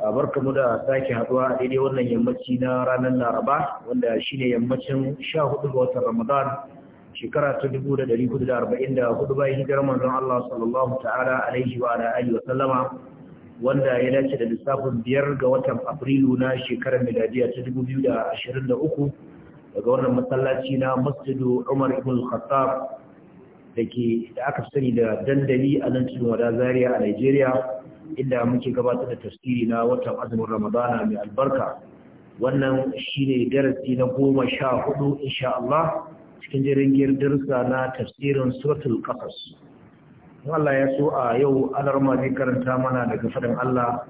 barka mu da sake haduwa a daidai wannan yammaci na ranar laraba wanda shine yammacin 14 ga watan ramadan shekara ta 1444 bayan hijirar manzon Allah sallallahu ta'ala alaihi wa ala alihi wa sallama wanda ya dace da lissafin biyar ga watan afrilu na shekarar miladiya ta 2023 daga wannan masallaci na masjidu Umar ibn khattab da ke da aka sani da dandali a nan cikin wada zaria a Nigeria inda muke gabatar da tafsiri na watan azumin ramadana mai albarka wannan shine darasi na goma sha hudu insha Allah cikin jirgin darsa na tafsirin suratul qasas Allah ya so a yau alarma zai karanta mana daga fadin Allah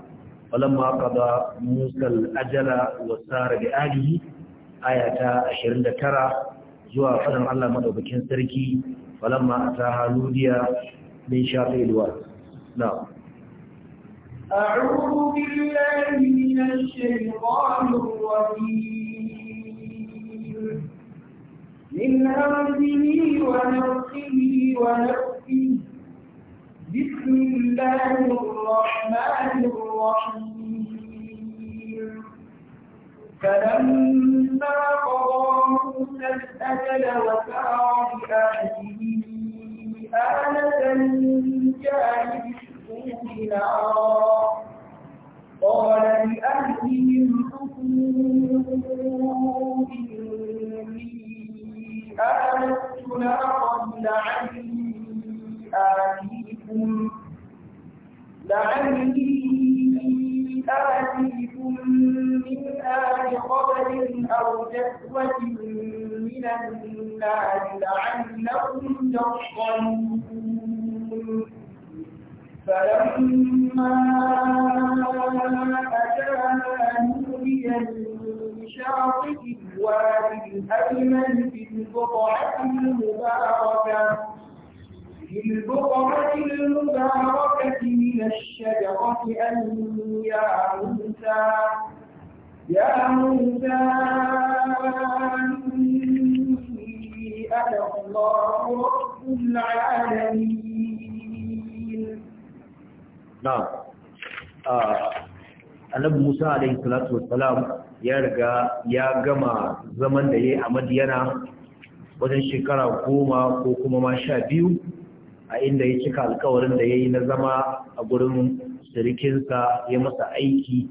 walamma qada musal ajala wa sara bi alihi ayata 29 zuwa fadin Allah madaukakin sarki walamma ta haludiya min shafi'il na'am أعوذ بالله من الشيطان الرجيم من همزه ونفسه ونفسه بسم الله الرحمن الرحيم فلما قضى موسى الأجل وسار بأهله آلة من جانب السور نارا قال لأهلهم حكموا إني آمنت نارا لعلي آتيكم لعلي آتيكم من آل قبل أو جذوة من النار لعلكم تصطلون فلما فلما أتانا من شاطئ الوادي الأيمن في البقعة المباركة في البقعة المباركة من الشجرة أن يا موسى يا موسى إني الله رب العالمين na annabi musa alaihi salatu wassalam ya riga ya gama zaman da yayi yi a madiyana wajen shekara goma ko kuma ma sha biyu a inda ya cika alƙawarin da yayi na zama a gurin sirikinsa ya masa aiki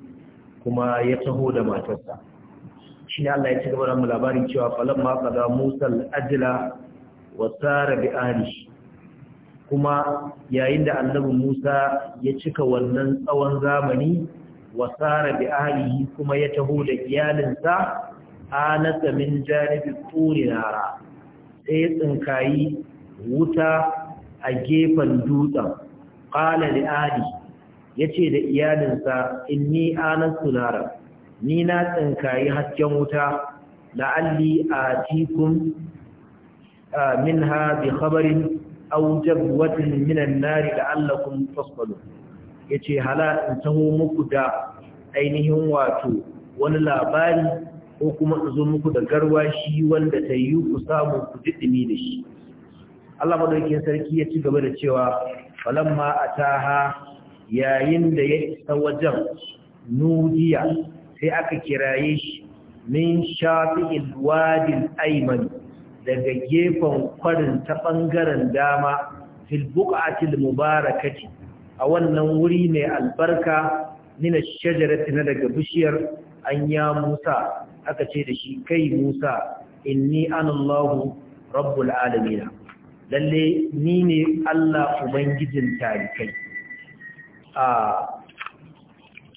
kuma ya taho da matarsa shi ne Allah ya ci gaba da mu labarin cewa "Falamma, qada Musa al ajila wa sara bi ahlihi kuma yayin da annabi Musa ya cika wannan tsawon zamani wasara bi ahlihi kuma ya taho da iyalinsa anasa min janibi turi nara sai tsinkayi wuta a gefen dutsen qala li ali yace da iyalinsa inni anasu nara ni na tsinkayi hasken wuta la'alli atikum ah, minha bi khabarin aujab jabwatin minan nari la'allakum tasbalun yace hala in taho muku da ainihin wato wani labari ko kuma zo muku da garwashi wanda ta yi ku samu ku didimi da shi Allah madaukakin sarki ya ci gaba da cewa ma a taha yayin da ya isa wajen nudiya sai aka kiraye shi min shafi ilwadin aymani daga gefen kwarin ta ɓangaren dama filbuƙatil mubarakati a wannan wuri mai albarka nina shajarati na daga bishiyar an ya musa aka ce da shi kai musa inni anallahu rabbul alamina lalle ni ne allah ubangijin tarikai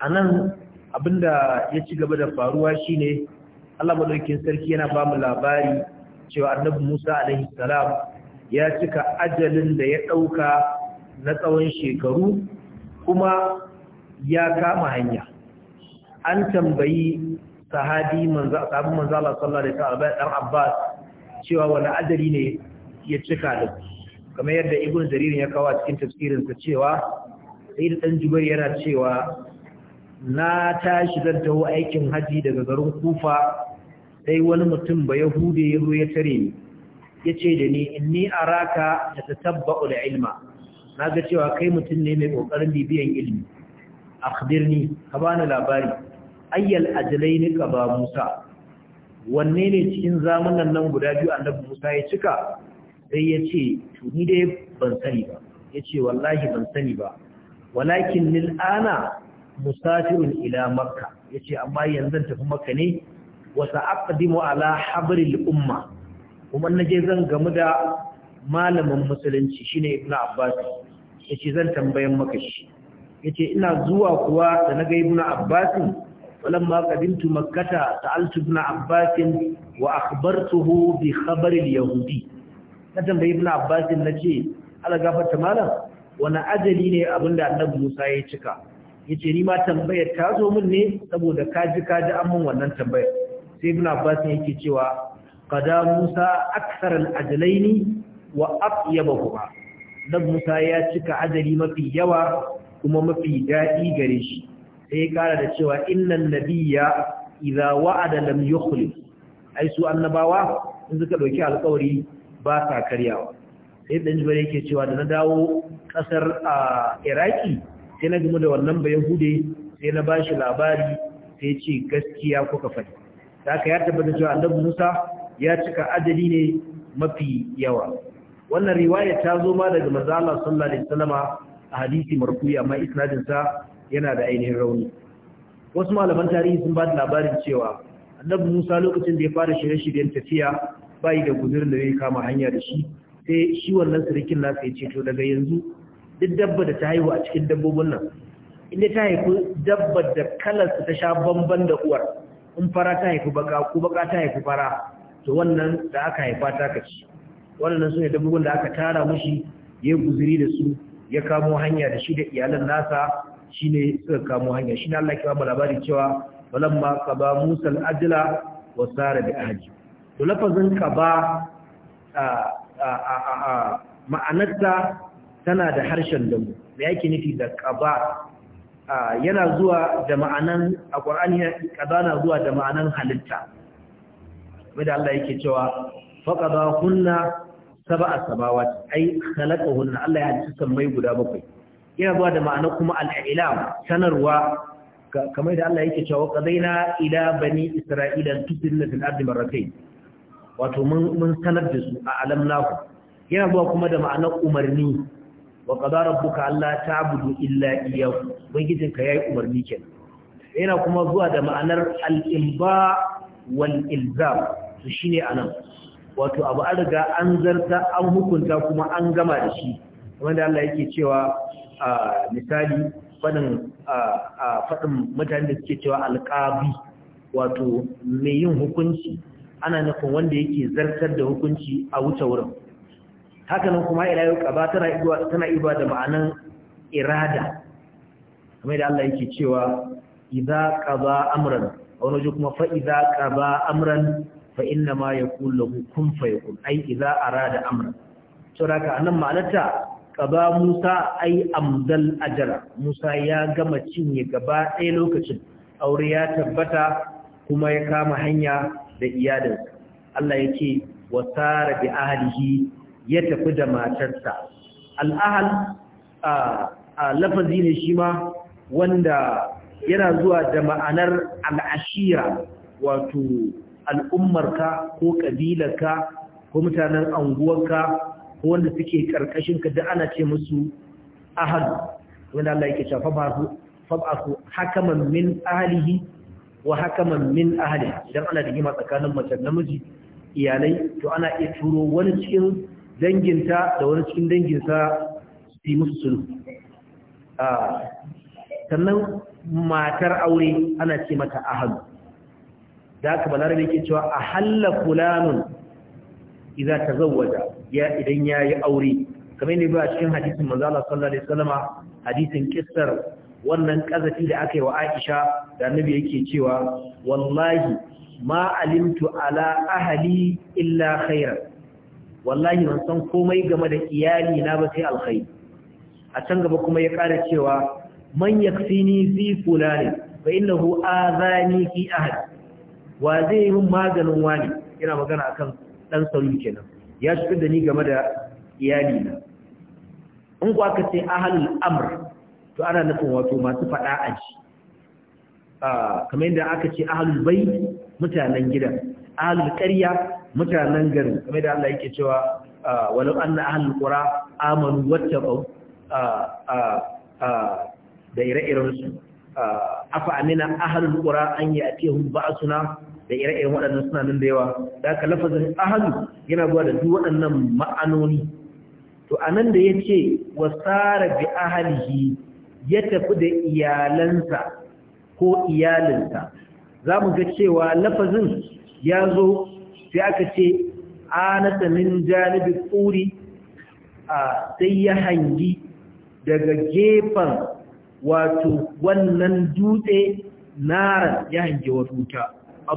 a nan abinda ya ci gaba da faruwa shine allah maɗaukin sarki yana ba mu labari cewa annabi Musa alaihi salam ya cika ajalin da ya ɗauka na tsawon shekaru kuma ya kama hanya an tambayi sahabi manzo sahabi manzo Allah sallallahu alaihi wasallam Abbas cewa wani ajali ne ya cika da kamar yadda Ibn Jarir ya kawo cikin tafsirin sa cewa Sayyid dan Jubair yana cewa na tashi zan taho aikin haji daga garin Kufa sai wani mutum ba yahude ya zo ya tare ni ya ce da ni inni araka ta tabba da ilma na ga cewa kai mutum ne mai ƙoƙarin bibiyan ilimi akhbirni ka bani labari ayyal ajlaini ka ba musa wanne ne cikin zamanin nan guda biyu annabi musa ya cika sai ya ce tuni dai ban sani ba ya ce wallahi ban sani ba walakin nil'ana musafirun ila makka ya ce amma yanzu tafi makka ne wa sa'aqdimu ala habril umma kuma naje zan gamu da malamin musulunci shine ibnu abbas yace zan tambayan maka shi yace ina zuwa kuwa da naga ibnu abbas falamma qadimtu makkata sa'altu ibnu abbas wa akhbartuhu bi khabar yahudi na tambayi ibnu abbas nace ala gafarta malam wani ajali ne abinda annabi Musa ya cika yace ni ma tambayar ta zo min ne saboda kaji kaji an mun wannan tambayar sai ibn abbas yake cewa qada musa akthar al-ajlaini wa atyabahuma dan musa ya cika ajali mafi yawa kuma mafi dadi gare shi sai ya kara da cewa innan nabiyya idza wa'ada lam yukhlif ai su annabawa in suka dauki alƙawari ba sa karyawa sai dan jibril yake cewa da na dawo kasar iraki sai na gumu da wannan bayan hude sai na bashi labari sai ce gaskiya kuka faɗi da ya tabbata cewa annabi Musa ya cika adadi ne mafi yawa wannan riwaya ta zo ma daga manzo Allah sallallahu alaihi wasallama a hadisi marfu'i amma isnadin sa yana da ainihin rauni wasu malaman tarihi sun ba da labarin cewa annabi Musa lokacin da ya fara shirye-shiryen tafiya bai da guzurin da zai kama hanya da shi sai shi wannan sirikin na ya ce to daga yanzu duk dabba da ta haihu a cikin dabbobin nan inda ta haifi dabba da kalarsa ta sha bamban da uwar in fara ta haifi baka ko baka ta haifi fara to wannan da aka haifa ta kaci wannan sune da dabbobin da aka tara mushi ya guzuri da su ya kamo hanya da shi da iyalan nasa shine suka kamo hanya shine Allah ya ba labari cewa walamma qaba Musa al-ajla wa sara bi ahli to lafazin qaba ma'anarta tana da harshen dambu da yake nufi da qaba yana zuwa da ma'anan a ƙwar'ani ƙaza na zuwa da ma'anan halitta wadda Allah yake cewa faƙaza hunna saba a sabawa ai halaka hunna Allah ya halitta sammai guda bakwai yana zuwa da ma'ana kuma al'ilam sanarwa kamar da Allah yake cewa ƙazaina ila bani isra'ila tusirin na fil'addi marrakai wato mun sanar da su a alam yana zuwa kuma da ma'anar umarni wa qada rabbuka alla ta'budu illa iyyahu bangijin ka yayi umarni kenan yana kuma zuwa da ma'anar al-imba wal ilzam to shine anan wato abu an riga an zarta an hukunta kuma an gama da shi wanda Allah yake cewa misali fadin fadin mutanen da suke cewa alƙabi wato mai yin hukunci ana nufin wanda yake zartar da hukunci a wuce wurin hakanan kuma ila yau ƙaba tana iba da ma'anan irada kamar da Allah yake cewa idza qaba amran aw naji kuma fa idza qaba amran fa inna ma yaqul lahu kun fayakun ai idza arada amran to daga anan ma'anarta qaba Musa ai amdal ajra Musa ya gama cinye gaba ɗaya lokacin aure ya tabbata kuma ya kama hanya da iyalinsa Allah yake wasara bi ahlihi ya tafi da matarsa al'ahal a lafazi ne shi ma wanda yana zuwa da ma'anar al'ashira wato al'ummarka ko ƙabilarka ko mutanen anguwarka ko wanda suke ƙarƙashinka da ana ce musu ahal wanda Allah yake masu fab'asu hakaman min ahlihi wa hakaman min ahliha idan ana rigima tsakanin mace namiji iyalai to ana iya turo wani cikin danginta da wani cikin danginsa su yi musu sulhu sannan matar aure ana ce mata ahalu da aka balarabe ke cewa halla fulanun idza tazawwaja ya idan yayi aure kamar ne ba cikin hadisin manzo sallallahu alaihi wasallama hadisin kissar wannan kazafi da aka yi wa Aisha da annabi yake cewa wallahi ma alimtu ala ahli illa khairan wallahi ban san komai game da iyali na ba sai alkhairi a can gaba kuma ya ƙara cewa man yaksini fi fulani fa innahu azani fi ahad wa zai min maganin wani yana magana akan dan sauyi kenan ya shigar da ni game da iyali na in ku aka ce ahlul amr to ana nufin wato masu fada aji ah, kamar yadda aka ce ahlul bai mutanen gida ahlul ƙarya mutanen garin kamar da Allah yake cewa ah, walau ahalin kura qura wacce ba ah, ah, da ire-iren su afa amina ahalin kura an yi a a suna da ire-iren waɗannan suna nan da yawa da aka lafazin ahalu yana zuwa da duk waɗannan ma'anoni to a nan da ya ce, wasara bi ahalihi ya tafi da iyalansa ko iyalinsa za mu ga cewa lafazin ya zo sai aka ce anata min janibi tsuri a sai ya hangi daga gefen wato wannan dutse naran ya hangi wata wuta a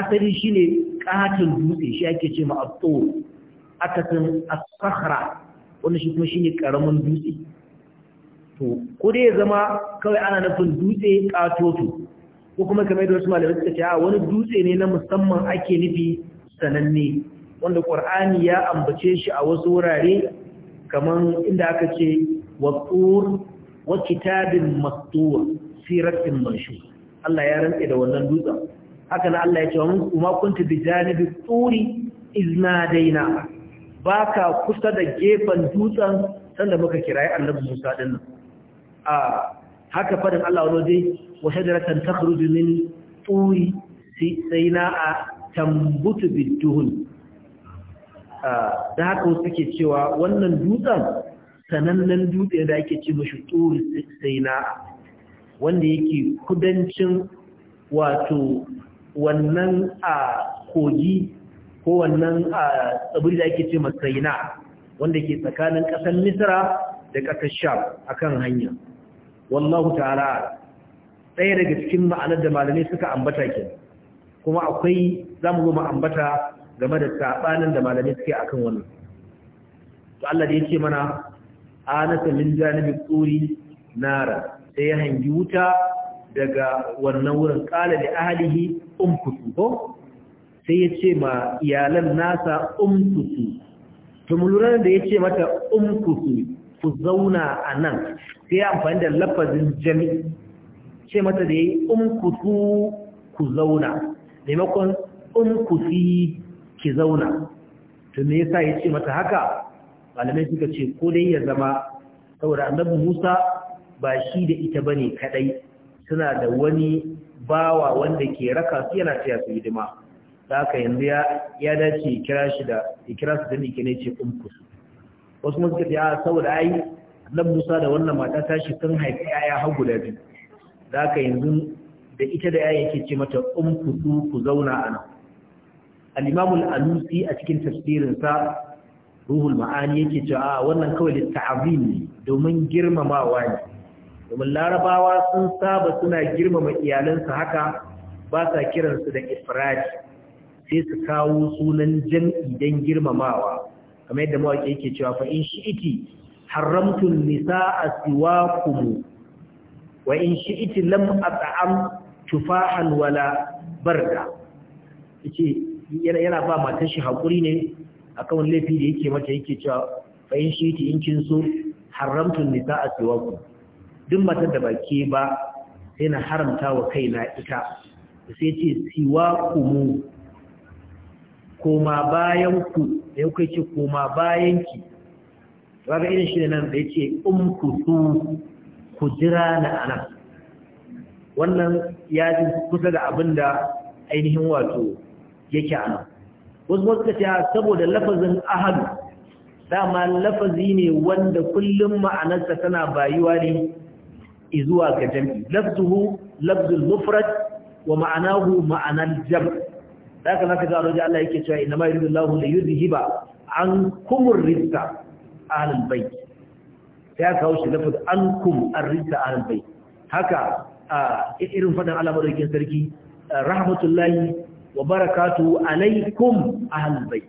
asali shine ne katin dutse shi ake ce ma a tsohon akasin asahara wanda shi kuma shi ne karamin dutse to ko dai zama kawai ana nufin dutse katoto ko kuma kamar da wasu malamai suka ce a wani dutse ne na musamman ake nufi sananne wanda qur'ani ya ambace shi a wasu wurare kamar inda aka ce waqur wa kitabin mastur siratin manshur Allah ya rantsa da wannan dutsen haka na Allah ya ce wa kunta bi janibi turi izna daina baka kusa da gefen dutsen sanda muka kirayi annabi Musa din a haka fadin Allah waje wa shajaratan takhruju min turi sayna a tambutu bidduhun. da haka wasu suke cewa wannan dutsen sanannen dutse da ake ce mashi turi sayna wanda yake kudancin wato wannan a kogi ko wannan a tsibiri da ake ce masaina wanda ke tsakanin ƙasar misra da ƙasar sham akan hanya wallahu ta'ala ɗaya daga cikin ma'anar da malamai suka ambata ke kuma akwai za mu zo ambata game da saɓanin da malamai suke akan wannan to Allah da yake mana anasa min janibi tsuri nara sai ya hangi wuta daga wannan wurin kala da ahalihi umfutu ko sai ya ce ma iyalan nasa umfutu to mu da ya ce mata umfutu ku zauna a nan sai amfani da lafazin jami ce mata da yi umkutu ku zauna maimakon umkuti ki zauna to me yasa ya ce mata haka malamai suka ce ko dai ya zama saboda annabi Musa ba shi da ita ba ne kadai suna da wani bawa wanda ke raka su yana taya su hidima da haka yanzu ya dace kira shi da ya kira su da ne ce umkusu wasu masu suka a saboda ai annabi Musa da wannan mata shi sun haifi yaya har guda biyu da ka yanzu da ita da yaya yake ce mata um kudu ku zauna a nan al alusi a cikin tafsirin sa Ruhul Ma'ani yake cewa wannan kawai litta'zim ne domin girmamawa ne domin larabawa sun saba suna girmama iyalansu haka ba sa kiransu da ifradi sai su kawo sunan jam'i don girmamawa kamar yadda mawaƙi yake cewa fa in iti. haramtun nisa'a siwakum wa in shi'ti lam at'am tufahan wala barda yace yana ba matar shi hakuri ne akan laifi da yake mata yake cewa fa in shi'ti in kin so haramtun nisa'a siwaku. duk matar da baki ba sai na haramta wa kaina ita sai ce mu. koma bayan ku da kai ce koma bayan ki babu irin shi nan da yake ce umkutu ku na anan wannan ya ji kusa da abin da ainihin wato yake anan. wasu wasu ka ah, saboda lafazin ahadu dama lafazi ne wanda kullum ma'anarsa tana bayuwa ne izuwa ga jam'i lafzuhu lafzul mufrad wa ma'anahu ma'anar jam da ka zaka ga Allah yake cewa inna ma yuridu Allahu li yuzhiba an kumur rizqa bai bait ya kawo shi lafaz ankum arrijsa ahlul bai. haka irin fadan Allah sarki rahmatullahi wa barakatu alaikum ahlul bai.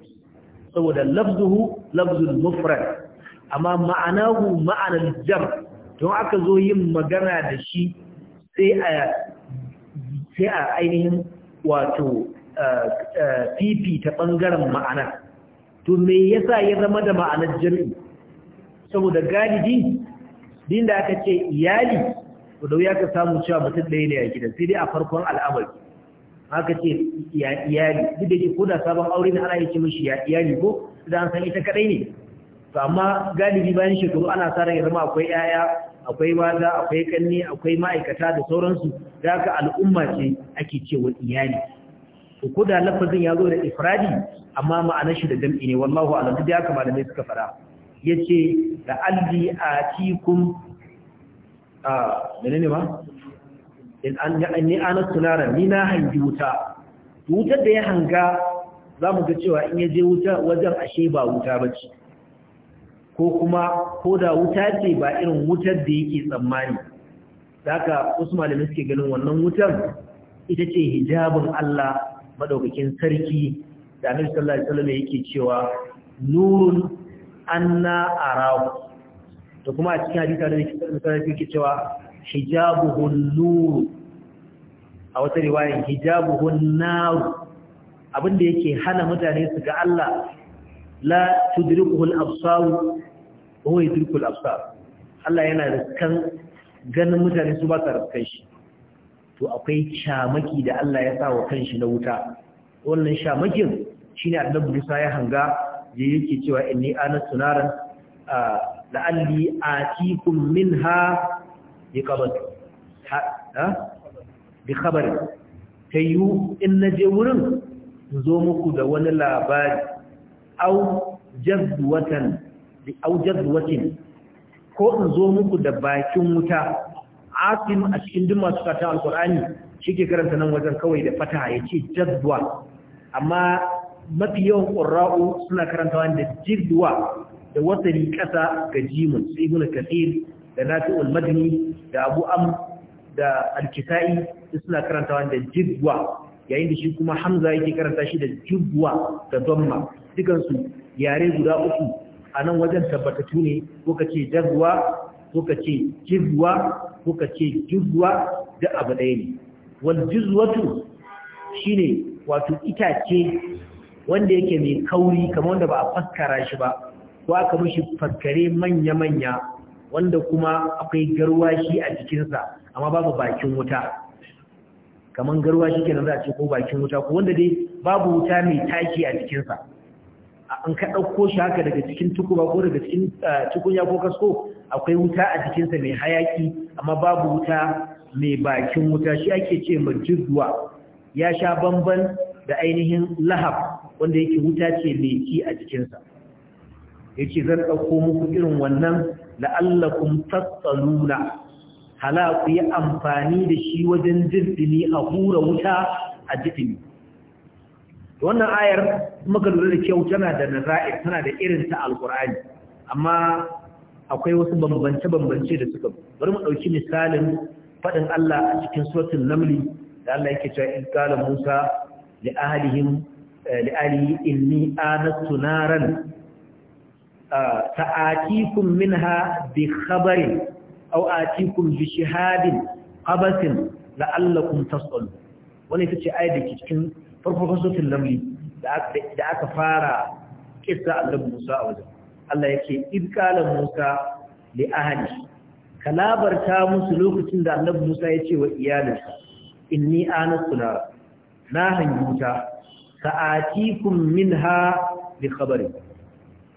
saboda lafzuhu lafzul mufrad amma ma'anahu ma'anar jar don aka zo yin magana da shi sai a a ainihin wato ta ɓangaren ma'ana to me yasa ya zama da ma'anar jami'i saboda galibi din da aka ce iyali da wuya ka samu cewa mutum ɗaya ne a gida, sai dai a farkon al'amari aka ce ya iyali duk da ke koda sabon aure ne ana yi mishi ya iyali ko da san ita kadai ne to amma galibi bayan shekaru ana sa ran zama akwai yaya akwai maza akwai kanni akwai ma'aikata da sauransu da ka al'umma ce ake cewa iyali to ko da lafazin ya zo da ifradi amma ma'anar shi da jam'i ne wallahu a'lam duk da haka malamai suka fara yace da alli a A ne ba in an ni ana sunara ni na hangi wuta wutar da ya hanga zamu ga cewa in ya je wuta wajen ashe ba wuta bace ko kuma ko da wuta ce ba irin wutar da yake tsammani daga wasu malamai suke ganin wannan wutar ita ce hijabin Allah madaukakin sarki da Annabi sallallahu alaihi wasallam yake cewa nurun anna arahu to kuma a cikin hadisi da misalafi ke cewa hijabuhun nuru a wata riwayar hijabuhun naru abinda yake hana mutane su ga Allah la al-absar huwa al absar Allah yana kan ganin mutane su ba sa riskan shi to akwai shamaki da Allah ya sa wa kanshi na wuta wannan shamakin shine annabi Musa ya hanga da yake cewa inni anastu naran la'alli atikum minha bi qabr ha bi khabar tayu in naje wurin zo muku da wani labari au jazwatan bi au jazwatin ko in zo muku da bakin wuta asim a cikin duk masu fata alkur'ani shi ke karanta nan wajen kawai da fata yace ce jazwa amma mafi yawan ƙura'u suna karantawa da jirduwa da wasari ƙasa ga jimin su ibn kasir da nafi'ul madani da abu am da alkisa'i suna karantawa da jirduwa yayin da shi kuma hamza yake karanta shi da jirduwa da zamma dukansu yare guda uku a nan wajen tabbatattu ne ko ka ce jirduwa ko ka ce jirduwa ko ka ce jirduwa da abu ɗaya ne wal jirduwatu shine wato itace wanda yake mai kauri kamar wanda ba a faskara shi ba ko aka mishi faskare manya-manya wanda kuma akwai garwashi a jikinsa amma babu bakin wuta kamar garwashi kenan za a ce ko bakin wuta ko wanda dai babu wuta mai taki a jikinsa an ka ɗauko shi haka daga cikin tukuba ko daga cikin tukunya ko kasko akwai wuta a jikinsa mai hayaki amma babu wuta mai bakin wuta shi ake ce majidwa ya sha bamban da ainihin lahab wanda yake wuta ce leki a jikinsa ce zan ɗauko muku irin wannan la'allakum tattaluna hala ku yi amfani da shi wajen jirɗini a hura wuta a jirɗini wannan ayar muka lura da kyau tana da naza'ir tana da irin ta alkur'ani amma akwai wasu bambance-bambance da suka bari mu ɗauki misalin faɗin Allah a cikin suratul namli da Allah yake cewa in qala Musa li ahlihim لألي إني آنست نارا سآتيكم منها بخبر أو آتيكم بشهاد قبس لعلكم wani ita ce ayyar da cikin sotin lamli da aka fara kisa allon musa a wajen Allah ya ce idkalan musa da ahali kalabarta musu lokacin da allon musa ya ce wa iyalinsa ni anas kunara na hangi wuta Sa'atikun minha bi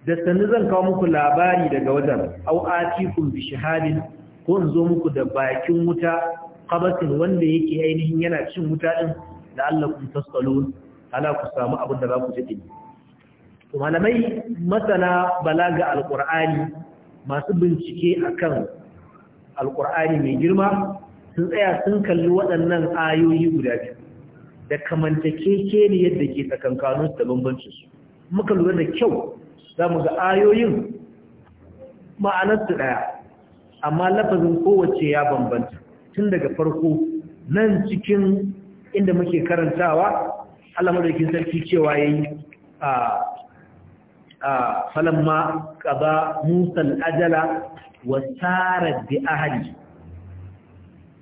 da sannu zan kawo muku labari daga wajen au'atikun atikum bi shahadin ko in zo muku da bakin wuta qabatin wanda yake ainihin yana cin wuta din da Allah kun tasalun ala ku samu abin da za ku ji to malamai masana balaga Alƙur'ani, masu bincike akan Alƙur'ani mai girma sun tsaya sun kalli waɗannan ayoyi guda biyu da kamanta keke ne yadda ke tsakankaninsu da bambancinsu muka lura da kyau za mu ga ayoyin ma'anarsu ɗaya amma lafazin kowace ya bambanta tun daga farko nan cikin inda muke karantawa Allah sarki cewa yayi a a falamma qada Musa ajala wa sara bi ahli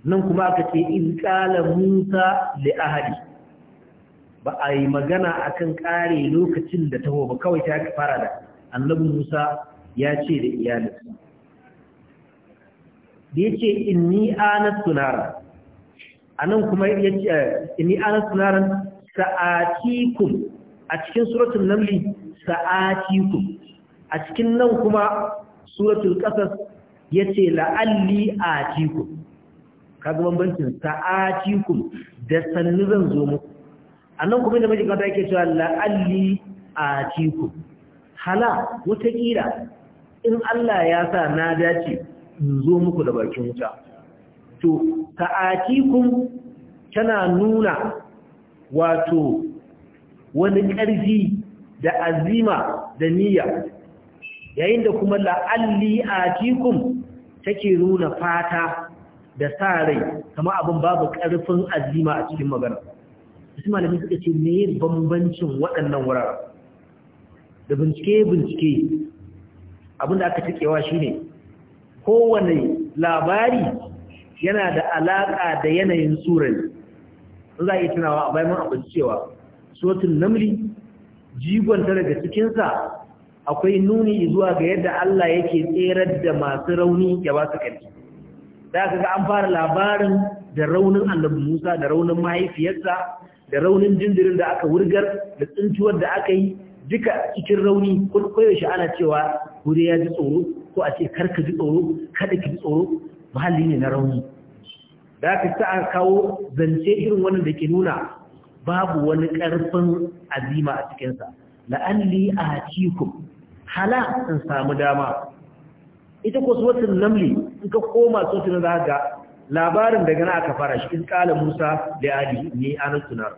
nan kuma aka ce in qala Musa li ahli ba a yi magana a kan kare lokacin da taho ba kawai ta fara da annabi Musa ya ce da iyalinsa da ce inni sunara a nan kuma yace eh, inni ana sunara sa'atikun a cikin suratul namli sa'atikun a cikin nan kuma ƙasar ya ce la'alli a ka kaga bambancin sa'atikun da sannu zan zo muku annan kuma da miji kanta yake cewa la'alli a tiku hala wataƙila in Allah ya sa na dace in zo muku da bakin wuta to ta'atikum tana nuna wato wani ƙarfi da azima da niyya yayin da kuma la'alli atikum take nuna fata da sa rai kama abin babu ƙarfin azima a cikin magana sai malamai suka ce me bambancin waɗannan wurare da bincike bincike abinda aka cikewa shine kowane labari yana da alaƙa da yanayin tsurai za a yi tunawa a bayan abin cewa sotun namli jigonta daga cikinsa akwai nuni zuwa ga yadda Allah yake tserar da masu rauni ya ba su kanti. da aka ga an fara labarin da raunin annabi musa da raunin mahaifiyarsa da raunin jinjirin da aka wurgar da tsintuwar da aka yi duka cikin rauni shi ana cewa wuri ya ji tsoro ko a ce karka ji tsoro kada ki ji tsoro muhalli ne na rauni da aka sa kawo zance irin wannan da ke nuna babu wani karfin azima a cikinsa la'alli a cikum hala in samu dama ita ko su wata namli in ka koma suwatun za ga labarin daga na aka fara shi in kala musa da ali ne a tunar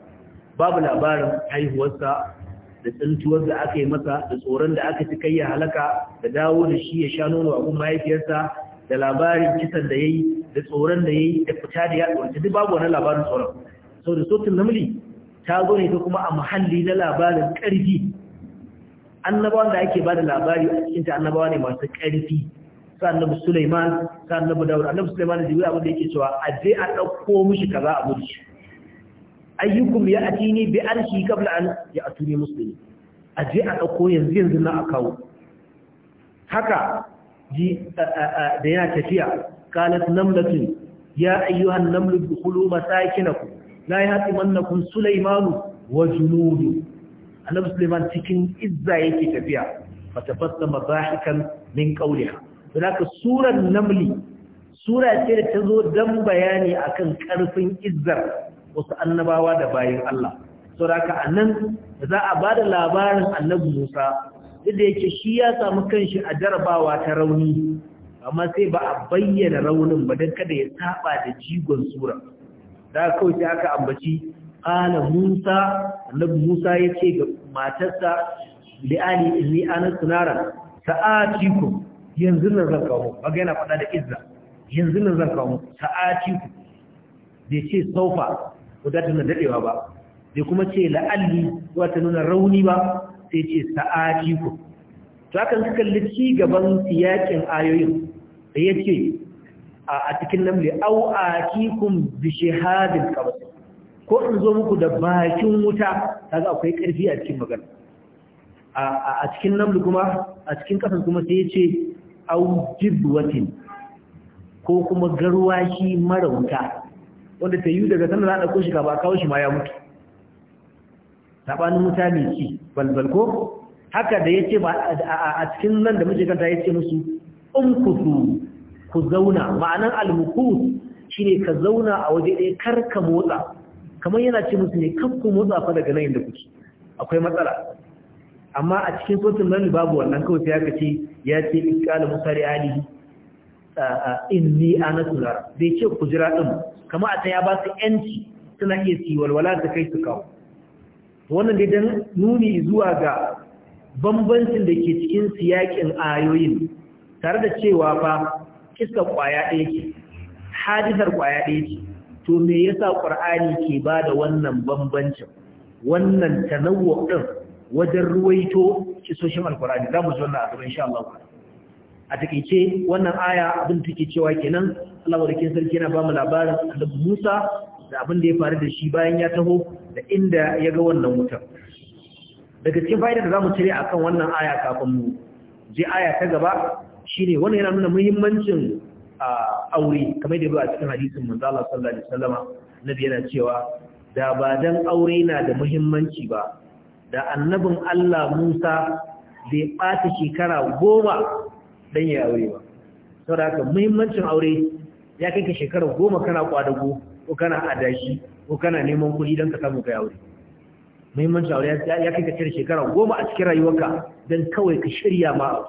babu labarin haihuwarsa da tsintuwar da aka yi masa da tsoron da aka ci kai ya halaka da dawo da shi ya sha nono abun mahaifiyarsa da labarin kisan da ya yi da tsoron da ya yi da fita da yaɗuwa duk babu wani labarin tsoron sau da sautin namiji ta zo ne ta kuma a muhalli na labarin ƙarfi annabawan da ake ba da labari a annabawa ne masu ƙarfi Ka annabi Sulaiman ka annabi Dawud annabi Sulaiman da Jibril abin da yake cewa a je a dauko mishi kaza a gudu ayyukum ya atini bi arshi qabla an ya atuni muslimi a je a dauko yanzu yanzu na akawo haka ji da yana tafiya qalat namlatun ya ayyuhan namlu dukhulu masakinakum la yahtimannakum Sulaiman wa junudu annabi Sulaiman cikin izza yake tafiya fatafassama dhahikan min qawliha don haka surar namli sura ce da ta zo don bayani akan karfin izzar wasu annabawa da bayan Allah sau da haka a nan za a ba da labarin annabi musa duk yake shi ya samu kanshi a jarabawa ta rauni amma sai ba a bayyana raunin ba don kada ya saba da jigon sura da kawai sai aka ambaci ana musa annabi musa ya ce ga matarsa li'ali inni ana sunara ta'atikum yanzu nan zan kawo kaga yana faɗa da izza yanzu nan zan kawo sa'ati ku bai ce saufa wadda ta na dadewa ba bai kuma ce la'alli wadda ta nuna rauni ba sai ce sa'ati ku to hakan kalli ci gaban siyakin ayoyin da ya ce a cikin namle au a kikun bishe hadin ko in zo muku da bakin wuta kaga akwai karfi a cikin magana a cikin namle kuma a cikin kasan kuma sai ya ce au ko kuma garwashi mara wuta wanda ta yi daga sanar da kushi shi ka ba kawo shi ma ya mutu saɓanin wuta mai ci balbal ko haka da ya ce ba a cikin nan da muke kanta ya ce musu umkusu ku zauna ma'anan almukus shine ka zauna a waje ɗaya kar ka motsa kamar yana ce musu ne kan ku motsa fa daga nan da kuke akwai matsala amma a cikin sosin nan babu wannan kawai sai aka ce ya ce in kala musa da alihi in ni ana tulara bai ce ku jira ɗin kama a ta ya ba su ‘yanci suna iya su walwala da kai su kawo wannan dai don nuni zuwa ga bambancin da ke cikin siyakin ayoyin tare da cewa fa kisa kwaya ɗaya ce hadisar kwaya ɗaya ce to me yasa ƙur'ani ke ba da wannan bambancin wannan tanawwu ɗin wajen ruwaito kisoshin alkurani za mu zo na gaba insha Allah a takaice wannan aya abin take cewa kenan Allah barkin sarki yana ba mu labarin Annabi Musa da abin da ya faru da shi bayan ya taho da inda ya ga wannan wutan. daga cikin fa'idar da za mu akan wannan aya kafin mu je aya ta gaba shine wannan yana nuna muhimmancin aure kamar da ba a cikin hadisin manzo Allah sallallahu alaihi wasallama nabi yana cewa da ba dan aure na da muhimmanci ba da annabin Allah Musa bai ɓata shekara goma don ya aure ba sau da haka muhimmancin aure ya kai ka shekara goma kana kwadago ko kana adashi ko kana neman kuɗi don ka samu kai aure muhimmancin aure ya kai ka cire shekara goma a cikin rayuwarka don kawai ka shirya ma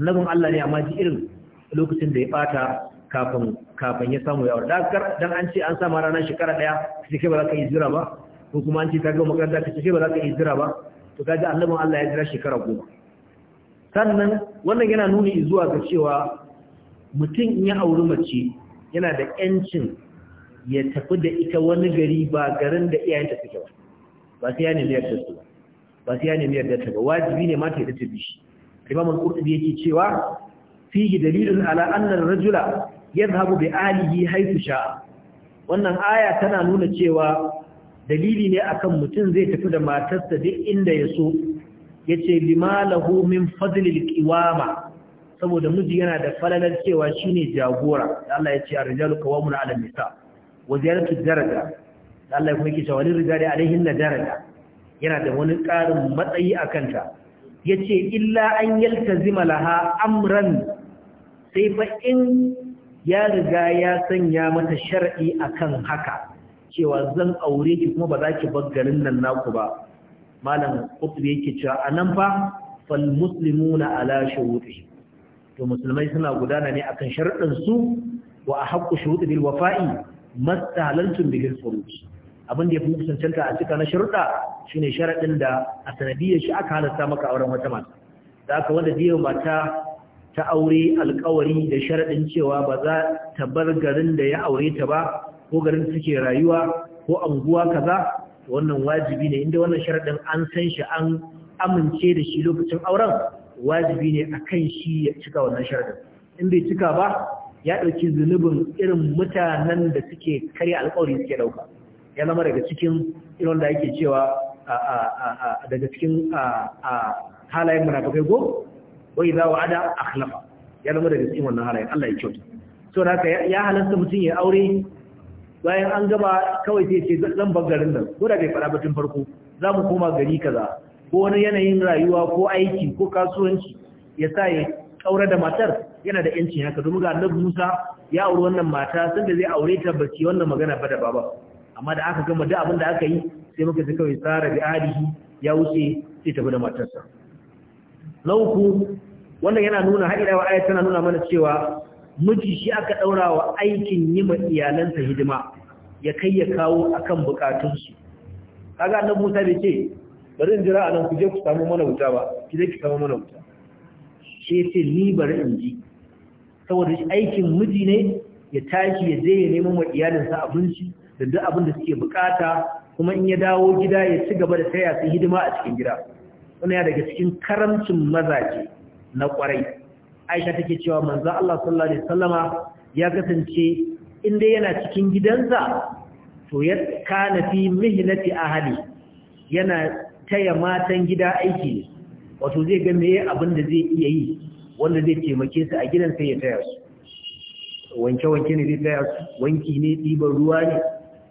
annabin Allah ne amma ji irin lokacin da ya ɓata kafin ya samu ya aure dan an ce an sama ranar shekara ɗaya sai kai ba za ka yi zura ba ko kuma an ce ka gama makaranta ka ce ba za ka iya jira ba to ka ji annabin Allah ya jira shekara goma sannan wannan yana nuni zuwa ga cewa mutum in ya auri mace yana da ƴancin ya tafi da ita wani gari ba garin da iyayenta suke ba ba sai ya nemi yarda su ba ba sai ya nemi yarda ta ba wajibi ne mata ya tafi shi. Imam al-Qurtubi yake cewa fihi dalilun ala anna ar-rajula yadhhabu bi alihi haythu sha. wannan aya tana nuna cewa dalili ne akan mutum zai tafi da matarsa duk inda ya so ya ce limalahu min fadlil kiwama saboda miji yana da falalar cewa shine jagora da Allah ya ce ar rijalu qawamun ala nisa wa ziyadatu daraja Allah ya kuma yake cewa lirijali 'alayhin daraja yana da wani ƙarin matsayi a kanta yace illa an yaltazima laha amran sai fa in ya riga ya sanya mata shar'i akan haka cewa zan aure ki kuma ba za ki bar garin nan naku ba malam qutbi yake cewa anan fa fal muslimuna ala shurutihi to musulmai suna gudana ne akan sharuɗin su wa ahqqu shuruti bil wafa'i mastalantum bil furuj abin da ya fi kusantanta a cika na sharuɗa shine sharaɗin da a sanadiyar shi aka halatta maka auren wata mata da aka wanda biyan mata ta aure alkawari da sharaɗin cewa ba za ta bar garin da ya aure ta ba ko garin da suke rayuwa ko anguwa kaza wannan wajibi ne inda wannan sharadin an san shi an amince da shi lokacin auren wajibi ne akan shi ya cika wannan sharadin in bai cika ba ya dauki zunubin irin mutanen da suke karya alƙawari suke dauka ya zama daga cikin irin da ake cewa daga cikin halayen munafikai go wai za wa ada akhlafa ya zama daga cikin wannan halayen Allah ya kyauta so da haka ya halatta mutum ya aure bayan an gaba kawai sai ce zan bar garin nan ko da bai faɗa batun farko za mu koma gari kaza ko wani yanayin rayuwa ko aiki ko kasuwanci ya sa ya kaura da matar yana da yanci haka domin ga annabi Musa ya auri wannan mata san da zai aure ta bace wannan magana ba da baba amma da aka gama duk abin da aka yi sai muka ji kawai tsara bi alihi ya wuce sai tafi da matarsa lauku wannan yana nuna haɗi dawa ayat tana nuna mana cewa miji shi aka ɗaura wa aikin yi ma iyalansa hidima ya kai ya kawo akan bukatunsu kaga annabi Musa bai ce bari in jira anan ku je ku samu mana wuta ba ki je ki samu mana wuta shi ce ni bari in ji saboda aikin miji ne ya tashi ya je ya nemo wa iyalinsa abinci da duk abin da suke bukata kuma in ya dawo gida ya ci gaba da taya su hidima a cikin gida wannan ya daga cikin karamcin mazaje na kwarai aisha take cewa manzo Allah sallallahu alaihi wasallama ya kasance in dai yana cikin gidansa to ya kana fi mihlati ahli yana taya matan gida aiki wato zai ga meye abin da zai iya yi wanda zai taimake su a gidansa ya taya su wanke wanke ne zai taya su wanki ne ɗiban ruwa ne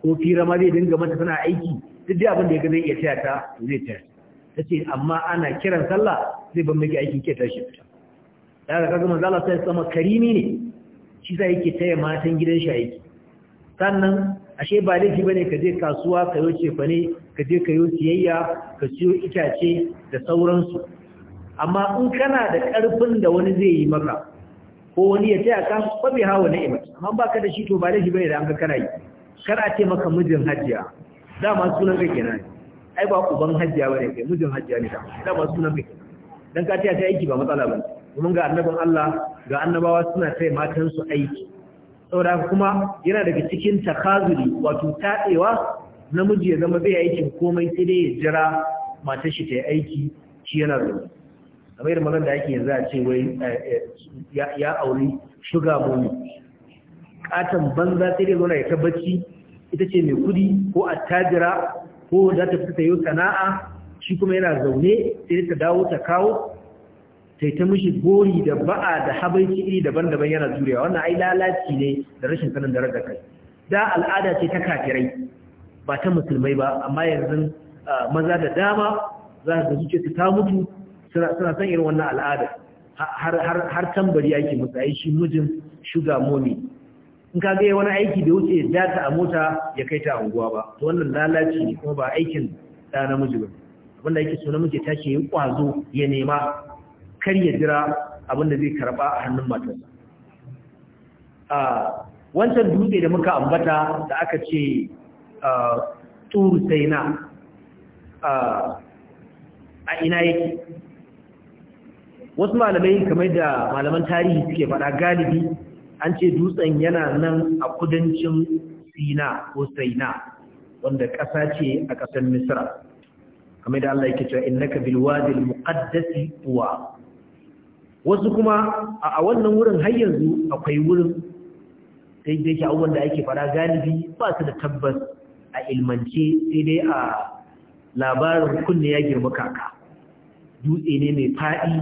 ko fira ma zai dinga mata tana aiki duk dai abin da ya ga zai iya taya ta zai taya ta ce amma ana kiran sallah zai ban miki aikin ke tashi fita da aka kaga manzo Allah sai sama karimi ne shi sai yake taya matan gidan shi aiki sannan ashe ba laifi bane ka je kasuwa ka yo cefa ne ka je ka yo siyayya ka ciyo itace da sauransu amma in kana da karfin da wani zai yi maka ko wani ya taya ka fa bai hawa ni'ima amma baka da shi to ba laifi bane da an ga kana yi kar a ce maka mijin hajjiya dama sunan kai kenan ai ba uban Hajiya bane kai mijin Hajiya ne dama sunan kai dan ka taya ta aiki ba matsala bane domin ga annabin Allah ga annabawa suna kai matansu aiki saboda kuma yana daga cikin takazuri wato taɗewa namiji ya zama bai aikin komai sai dai ya jira matar shi ta yi aiki shi yana zaune kamar yadda da ake yanzu a ce wai eh, eh, ya auri shuga momi katon banza sai dai zauna ya tabbaci ita ce mai kudi ko attajira ko za ta fita yau sana'a shi kuma yana zaune sai ta dawo ta kawo sai ta mishi gori da ba'a da habaici iri daban-daban yana jurewa wannan ai lalaci ne da rashin sanin da kai da al'ada ce ta kafirai ba ta musulmai ba amma yanzu maza da dama za su zuce su ta mutu suna san irin wannan al'ada har tambari yake musu ai shi mijin shuga momi in ka ga wani aiki da wuce ya ta a mota ya kai ta unguwa ba to wannan lalaci ne kuma ba aikin da namiji ba wanda yake so namiji tashi ya kwazo ya nema kar ya jira abin da zai karɓa a hannun matarsa wancan dutse da muka ambata da aka ce turu sai na a ina yake wasu malamai kamar da malaman tarihi suke faɗa galibi an ce dutsen yana nan a kudancin sina ko saina wanda ƙasa ce a ƙasar misra kamar da Allah yake cewa innaka bil wadi muqaddasi wasu kuma a wannan wurin har yanzu akwai wurin sai dai ke abubuwan da ake fara galibi ba su da tabbas a ilmance sai dai a labarin kunne ya girma kaka dutse ne mai faɗi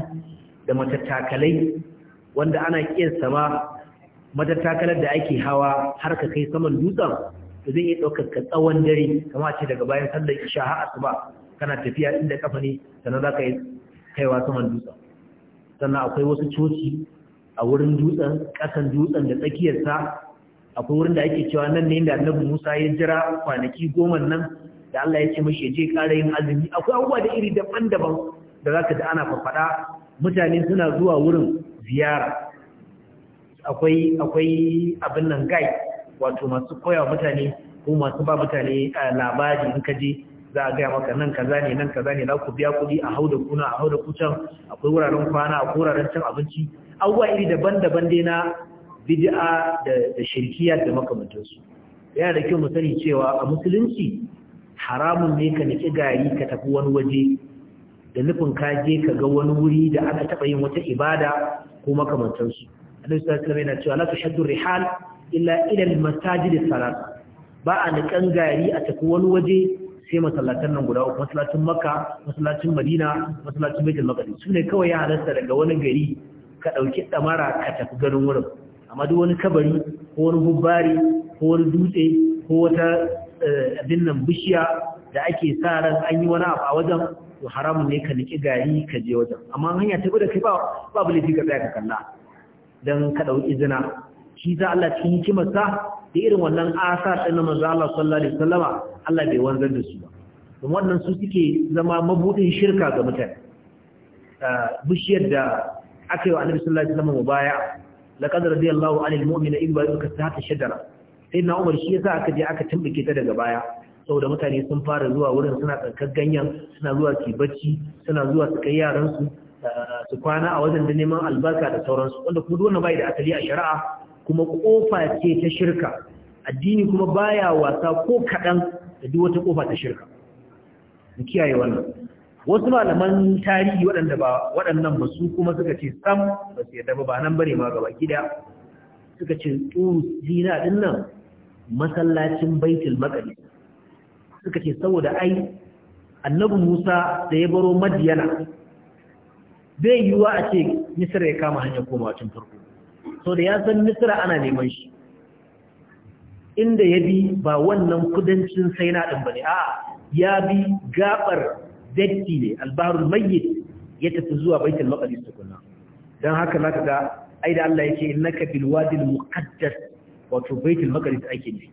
da matattakalai wanda ana kiyar sama matattakalar da ake hawa har ka kai saman dutsen da zai iya ɗaukar ka tsawon dare kama ce daga bayan sallar isha har asuba kana tafiya inda kafa ne sannan za ka yi kaiwa saman dutsen sannan akwai wasu coci a wurin dutsen ƙasan dutsen da tsakiyarsa akwai wurin da ake cewa nan ne da annabi musa ya jira kwanaki goma nan da allah ya ce mashi je ƙara yin azumi akwai abubuwa da iri daban-daban da za ka ji ana fafaɗa mutane suna zuwa wurin ziyara akwai akwai abin nan gai wato masu koya mutane ko masu ba mutane eh, labari in ka je za a gaya maka nan kaza ne nan kaza ne za ku biya kuɗi a hau da kuna a hau da kucan akwai wuraren kwana akwai wuraren cin abinci abubuwa iri daban-daban dai na bid'a da shirkiya da makamantansu yana da kyau mu sani cewa a musulunci haramun ne ka niki gari ka tafi wani waje da nufin ka je ka ga wani wuri da aka taɓa yin wata ibada ko makamantansu annabi sallallahu alaihi wasallam cewa la tushaddu rihal illa ila al-masajid salat ba a nikan gari a tafi wani waje sai masallatan nan guda uku masallacin makka masallacin madina masallacin baitul maqdis su ne kawai ya halarta daga wani gari ka ɗauki ɗamara ka tafi garin wurin amma duk wani kabari ko wani hubbari ko wani dutse ko wata eh, abin nan bishiya da ake sa ran an yi wani abu a wajen to haramun ne ka niki gari ka je wajen amma hanya ta da kai ba babu laifi ka tsaya ka kalla dan ka ɗauki izina shi za Allah cikin hikimarsa da irin wannan asa ɗin manzo Allah sallallahu alaihi wasallama Allah bai wanzar da su ba don wannan su suke zama mabudin shirka ga mutane ah, bishiyar da aka yi wa annabi sallallahu alaihi wasallama mubaya laqad radiyallahu anil mu'mina in ba'aka ta shajara sai na Umar shi yasa aka je aka tumbuke ta daga baya saboda mutane sun fara zuwa wurin suna tsarkar ganyen suna zuwa su bacci suna zuwa su kai yaran su ah, su kwana a wajen da neman albarka da sauransu wanda kuma duk wannan bai da asali a shari'a kuma kofa ce ta shirka addini kuma baya wasa ko kaɗan da duk wata kofa ta shirka mu kiyaye wannan wasu malaman tarihi waɗanda ba waɗannan ba su kuma suka ce sam ba su yadda ba nan bane ma gaba gida suka ce zina din nan masallacin baitul maqdis suka ce saboda ai annabi Musa da ya baro Madiyana bai yiwa a ce Misra ya kama hanyar komawa tun farko so da ya san Misira ana neman shi inda ya bi ba wannan kudancin sai na ɗin ba ne a ya bi gabar datti ne albarul mayyit ya tafi zuwa baitul maqdis tukunna dan haka naka ga ai da Allah yake innaka bil wadi al muqaddas wato baitul maqdis ake ne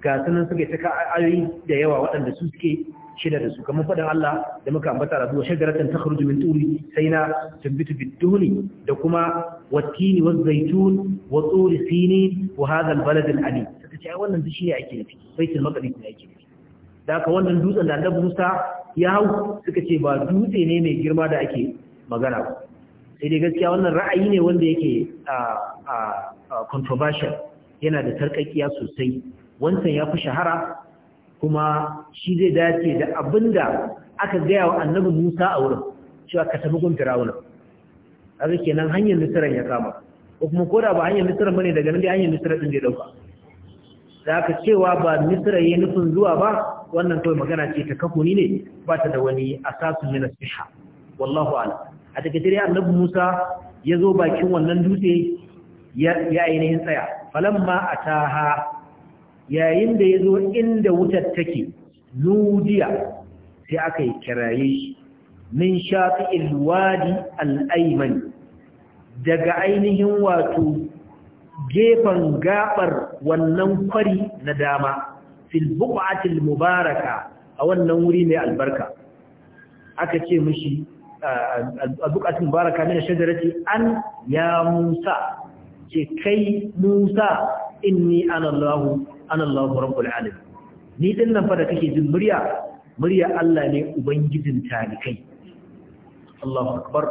ga sanan suke ta ayoyi da yawa waɗanda su suke shida da su kamar faɗin Allah da muka ambata da zuwa shagaratan ta kharuju min turi sai na tabbitu biduhuni da kuma watini wa zaitun wa turi sinin wa hadha albalad alali sai ce wannan duk shine ake nufi baitul maqdis ne ake nufi da ka wannan dutsen da Annabi Musa ya hau suka ce ba dutse ne mai girma da ake magana ba sai dai gaskiya wannan ra'ayi ne wanda yake a controversial yana da tarkakiya sosai wancan ya fi shahara kuma shi zai dace da abinda aka gaya wa annabi Musa a wurin cewa ka tafi gun Firawuna kaga kenan hanyar Misran ya kama ko kuma koda ba hanyar Misran bane daga nan dai hanyar Misran din da dauka aka cewa ba Misra yayin nufin zuwa ba wannan kawai magana ce ta kafuni ne ba ta da wani asasu min na wallahu a'lam a take dare annabi Musa ya zo bakin wannan dutse ya ainihin tsaya falamma ataha yayin da ya zo inda wutar take nudiya sai aka yi kiraye shi min shafi'il wadi al'aiman daga ainihin wato gefen gabar wannan kwari na dama fil buqatil mubaraka a wannan wuri mai albarka aka ce mishi albuqatil mubaraka min shajarati an ya Musa ce kai Musa inni ana anallahu rabbul alamin ni din nan fa da kake jin murya murya Allah ne ubangijin talikai Allahu akbar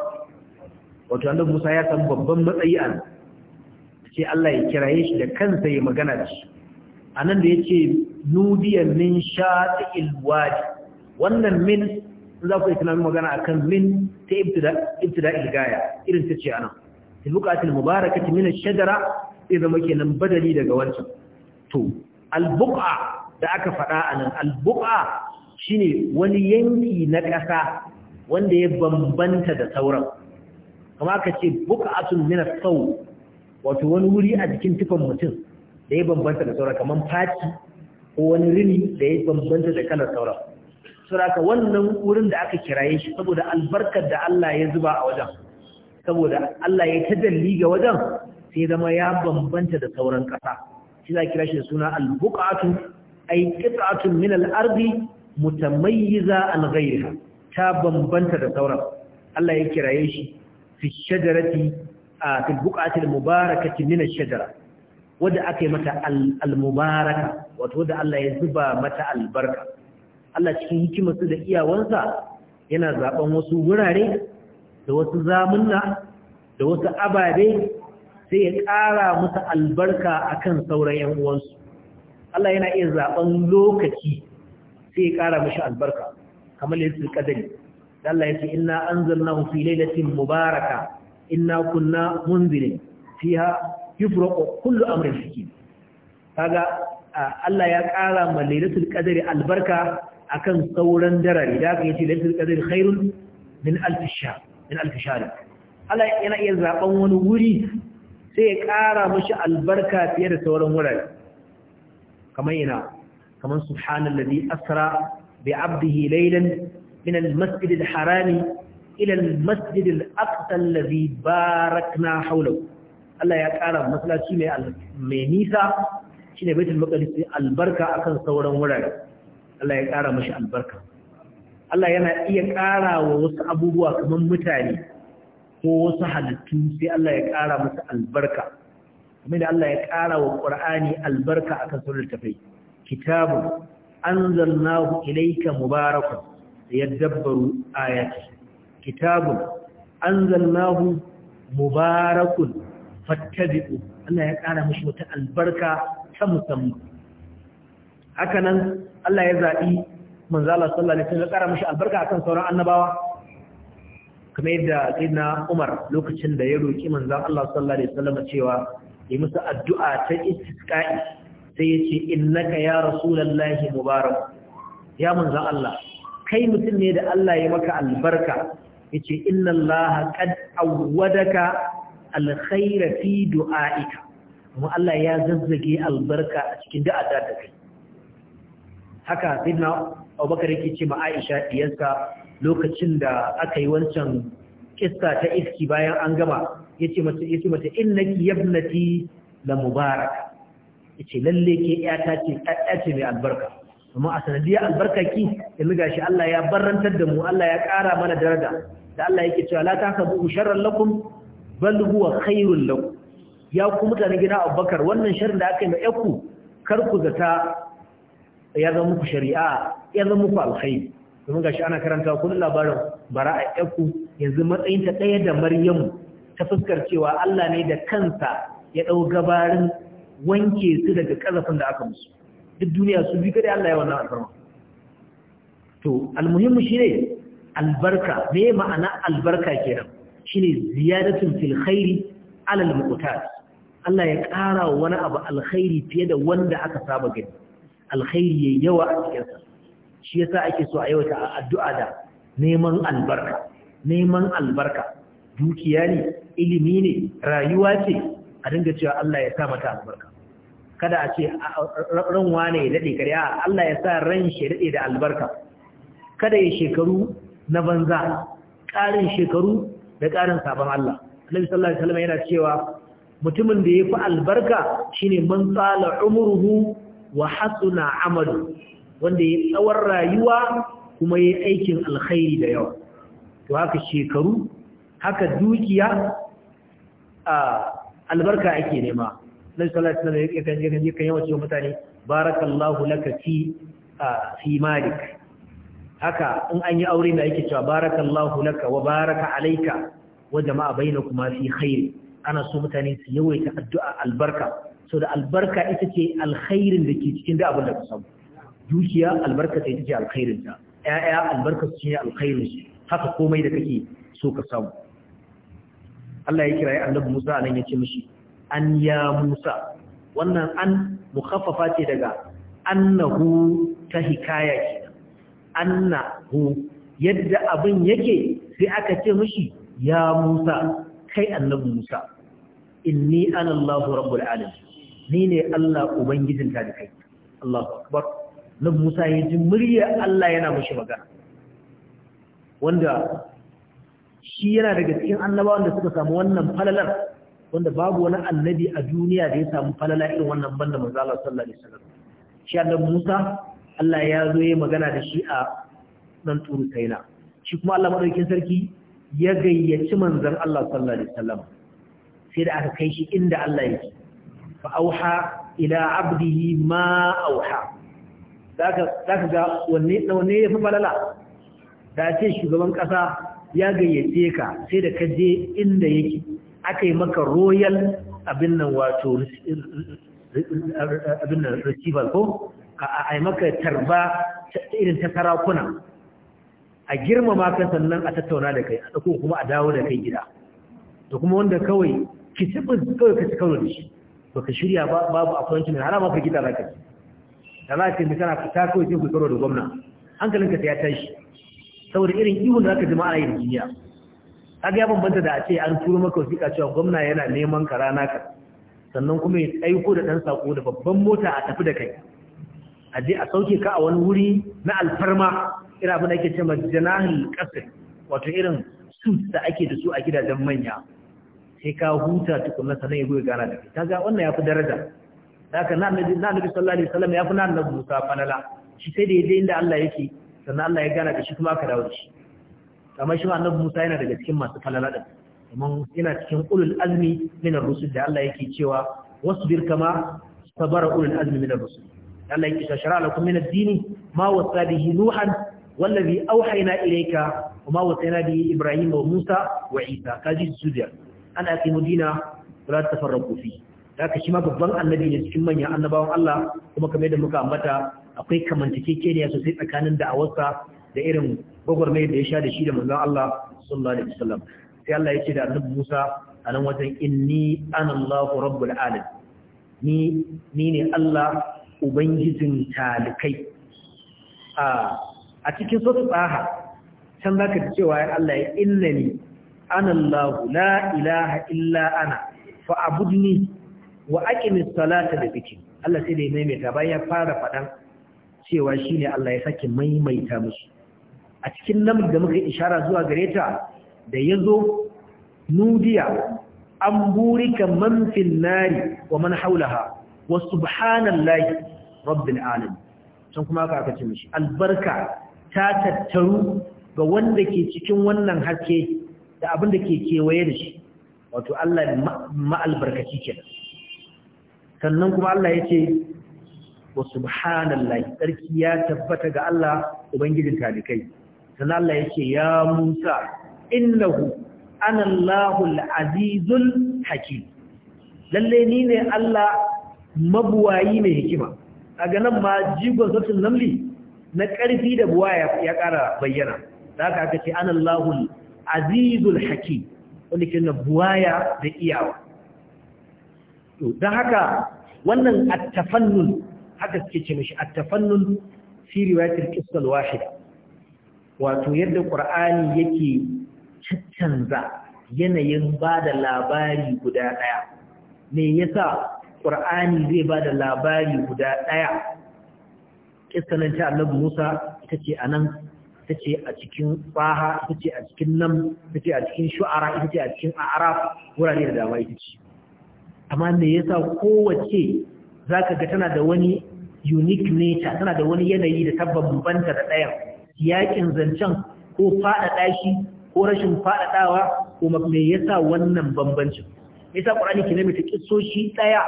wato annabi Musa ya san babban matsayi an sai Allah ya kiraye shi da kansa ya magana da shi anan da yace nudiya min shati'il wadi wannan min za ku islamin magana akan min ta ibtida'il gaya irin ta ce ana buƙatar mubarakati min ash-shajara sai zama nan badali daga wancan to albuk'a da aka faɗa anan albuqa shine wani yanki na ƙasa wanda ya bambanta da sauran kama ka ce buƙatun minas sau wato wani wuri a jikin tufan mutum da ya bambanta da sauran kamar fati ko wani rini da ya bambanta da kalar sauran suraka wannan wurin da aka kiraye shi saboda albarkar da Allah ya zuba a wajen saboda Allah ya dalli ga wajen sai zama ya bambanta da sauran ƙasa shi za kira shi da suna albuƙatu, ai ƙitsatun qit'atun min al mutamayyiza an ghayriha ta bambanta da sauran Allah ya kiraye shi fi shajarati a fi buqati al-mubarakati min ash-shajara Wadda aka yi mata al-mubaraka wato wanda Allah ya zuba mata albarka Allah cikin hikimarsa da iyawansa yana zaɓan wasu wurare da wasu zamunna da wasu ababe sai ya ƙara musu albarka akan sauran ‘yan uwansu. Allah yana iya zaɓen lokaci sai ya ƙara mashi albarka, kamar yadda ƙadari. Allah ya ce, Inna an zanna fi lailatin mubaraka, inna kunna munzirin, fiha yufraku kullu amrin hakim. Kaga Allah ya ƙara ma lailatul ƙadari albarka akan sauran darari, da aka ce lailatul qadari khairun min alf Allah yana iya zaɓen wani wuri sai ya ƙara mashi albarka fiye da sauran wurare kamar yana kamar subhanallazi asra bi asara laylan min al-masjid al harami ila al aksan al-aqsa barakna hawlahu Allah ya ƙara masallaci mai mai nisa shine baitul maqdis albarka akan sauran wurare Allah ya ƙara mashi albarka Allah yana iya ƙara wa wasu abubuwa kamar mutane ko wasu halittu sai Allah ya ƙara musu albarka kuma da Allah ya ƙara wa Qur'ani albarka akan sunan tafai kitabu anzalnahu ilayka mubarakun liyadabbaru ayati kitabu anzalnahu mubarakun fattabi'u Allah ya ƙara mishi wata albarka ta musamman haka nan Allah ya zaɓi manzala sallallahu alaihi wasallam ya ƙara mishi albarka akan sauran annabawa kuma yadda sayyidina Umar lokacin da ya roki manzon Allah sallallahu alaihi wasallam cewa yi musu addu'a ta istisqa'i sai ya ce innaka ya rasulullahi mubarak ya manzon Allah kai mutum ne da Allah ya maka albarka yace inna Allah qad awwadaka alkhayra fi du'aika kuma Allah ya zazzage albarka a cikin da'ada da kai haka sayyidina Abubakar yake ce ma Aisha diyarsa lokacin da aka yi wancan kissa ta iski bayan an gama yace mata yace mata innaki yabnati la Ya ce lalle ke yata ce ƴaƴa ce mai albarka amma a sanadiyar albarkaki yanzu gashi Allah ya barrantar da mu Allah ya ƙara mana daraja da Allah yake cewa la tahsabu sharran lakum bal huwa khairul lakum ya ku mutanen gida Abubakar wannan sharrin da aka yi ma kar ku zata ya zama muku shari'a ya zama muku alkhairi domin gashi ana karanta kullum labarin bara'a yakku yanzu matsayin ta ɗaya da maryamu ta fuskar cewa Allah ne da kansa ya ɗau gabarin wanke su daga ƙazafin da aka musu duk duniya su bi kada Allah ya wannan alfarma to almuhimmu shine albarka me ma'ana albarka kenan shine ziyadatun fil khairi alal muqtas Allah ya ƙara wani abu alkhairi fiye da wanda aka saba gani alkhairi yayi yawa a cikin sa shi yasa ake so a a addu'a da neman albarka neman albarka dukiya ne ilimi ne rayuwa ce a dinga cewa Allah ya sa mata albarka kada a ce ran wane ya dade kare Allah ya sa ran shi ya dade da albarka kada ya shekaru na banza Karin shekaru da karin sabon Allah Annabi sallallahu alaihi wasallam yana cewa mutumin da yafi albarka shine man tsala umruhu wa hasuna amalu wanda ya tsawon rayuwa kuma ya aikin alkhairi da yawa to haka shekaru haka dukiya a albarka ake nema na salatu na ya kan yakan yakan yawan cewa mutane barakallahu laka fi fi malik haka in an yi aure da yake cewa barakallahu laka wa baraka alaika. wa jama'a bainakuma fi khair ana so mutane su yawaita addu'a albarka so da albarka ita ce alkhairin da ke cikin duk abin da ka samu dukiya albarka ita ce alkhairin ta ƴaƴa albarka su ne alkhairin haka komai da kake so ka samu Allah ya kirayi Annabi Musa nan yace mishi an ya Musa wannan an mukhaffafa ce daga annahu ta hikaya ke. annahu yadda abin yake sai aka ce mishi ya Musa kai Annabi Musa inni Anallahu Allahu rabbul alamin ni ne Allah ubangijinta da kai Allahu akbar nan Musa ya ji murya Allah yana mashi magana wanda shi yana daga cikin annabawan da suka samu wannan falalar wanda babu wani annabi a duniya da ya samu falala irin wannan banda manzo Allah sallallahu alaihi wasallam shi Musa Allah ya zo ya magana da shi a nan turu kaina shi kuma Allah madaukakin sarki ya gayyaci manzon Allah sallallahu alaihi wasallam sai da aka kai shi inda Allah yake fa auha ila abdihi ma auha za ka ga wanne ya fi falala da ce shugaban ƙasa ya gayyace ka sai da ka je inda yake aka yi maka royal abin nan wato abin nan receival ko a yi maka tarba irin ta sarakuna a girmama ka sannan a tattauna da kai a ɗauko kuma a dawo da kai gida da kuma wanda kawai ki kawai ka ci kawai da shi baka shirya babu kwanci mai ma ka gida za ka ci da za ce yi kana fita kawai sai ku tsoro da gwamna Hankalin ka ya tashi saboda irin ihun da zaka jima'a a yi da duniya kaga ya bambanta da a ce an turo maka wasiƙa cewa gwamna yana neman ka rana ka sannan kuma ya tsaiko da ɗan saƙo da babban mota a tafi da kai a je a sauke ka a wani wuri na alfarma irin abin da ake cewa janahil qasr wato irin suit da ake da su a gidajen manya sai ka huta tukunna sannan ya goyi gana da kai kaga wannan yafi daraja haka na annabi sallallahu alaihi wasallam ya fi na annabi Musa falala shi sai da yaje inda Allah yake sannan Allah ya gana da shi kuma aka dawo da shi kamar shi annabi Musa yana daga cikin masu falala din kuma yana cikin ulul azmi min ar-rusul da Allah yake cewa wasbir kama sabara ulul azmi min ar-rusul Allah yake cewa shara lakum min ad dini ma wasa bihi nuhan wallazi awhayna ilayka وما وصينا به إبراهيم وموسى وعيسى كاجي السودية أن أقيموا دينا ولا تفرقوا فيه haka shi ma babban annabi ne cikin manyan annabawan Allah kuma kamar da muka ambata akwai kamantakekeniya sosai tsakanin da'awarsa da irin gwagwarmayar da ya sha da shi da manzon Allah sallallahu alaihi wasallam sai Allah ya ce da annabi Musa a nan wajen inni anallahu rabbul alamin ni ni ne Allah ubangijin talikai a a cikin sura Taha can za ji cewa ya Allah ya innani ana la ilaha illa ana fa'abudni wa aqimis salata da biki Allah sai da ya maimaita bayan ya fara fadan cewa shine Allah ya saki maimaita musu a cikin nan da muka ishara zuwa gare ta da yazo nudiya an burika man fil nari wa man haulaha wa subhanallahi rabbil alamin can kuma aka ce mishi albarka ta tattaru ga wanda ke cikin wannan haske da abin da ke kewaye da shi wato Allah ma'albarkaci kenan sannan kuma Allah ya ce wa subhanallahi tsarki ya tabbata ga Allah ubangijin talikai sannan Allah ya ce ya Musa innahu ana Allahul azizul hakim lalle ni ne Allah mabuwayi mai hikima a ganin ma jigon sautin namli na ƙarfi da buwa ya ƙara bayyana da ka ce ana Allahul azizul hakim wanda ke na buwaya da iyawa To dan haka wannan attafannun haka suke ce mashi attafannun fi riwayatul qissal wahida wato yadda qur'ani yake cancanza yanayin bada labari guda daya me yasa qur'ani zai bada labari guda daya kissanin ta annabi Musa ita ce anan ita ce a cikin Baha ita ce a cikin Nam ita ce a cikin Shu'ara ita ce a cikin A'raf wurare da dama ita ce amma me yasa kowace zaka ga tana da wani unique nature tana da wani yanayi da ta bambanta da ɗayan yakin zancen ko faɗaɗa shi ko rashin faɗaɗawa ko me yasa wannan bambancin yasa Qur'ani ke nemi ta ɗaya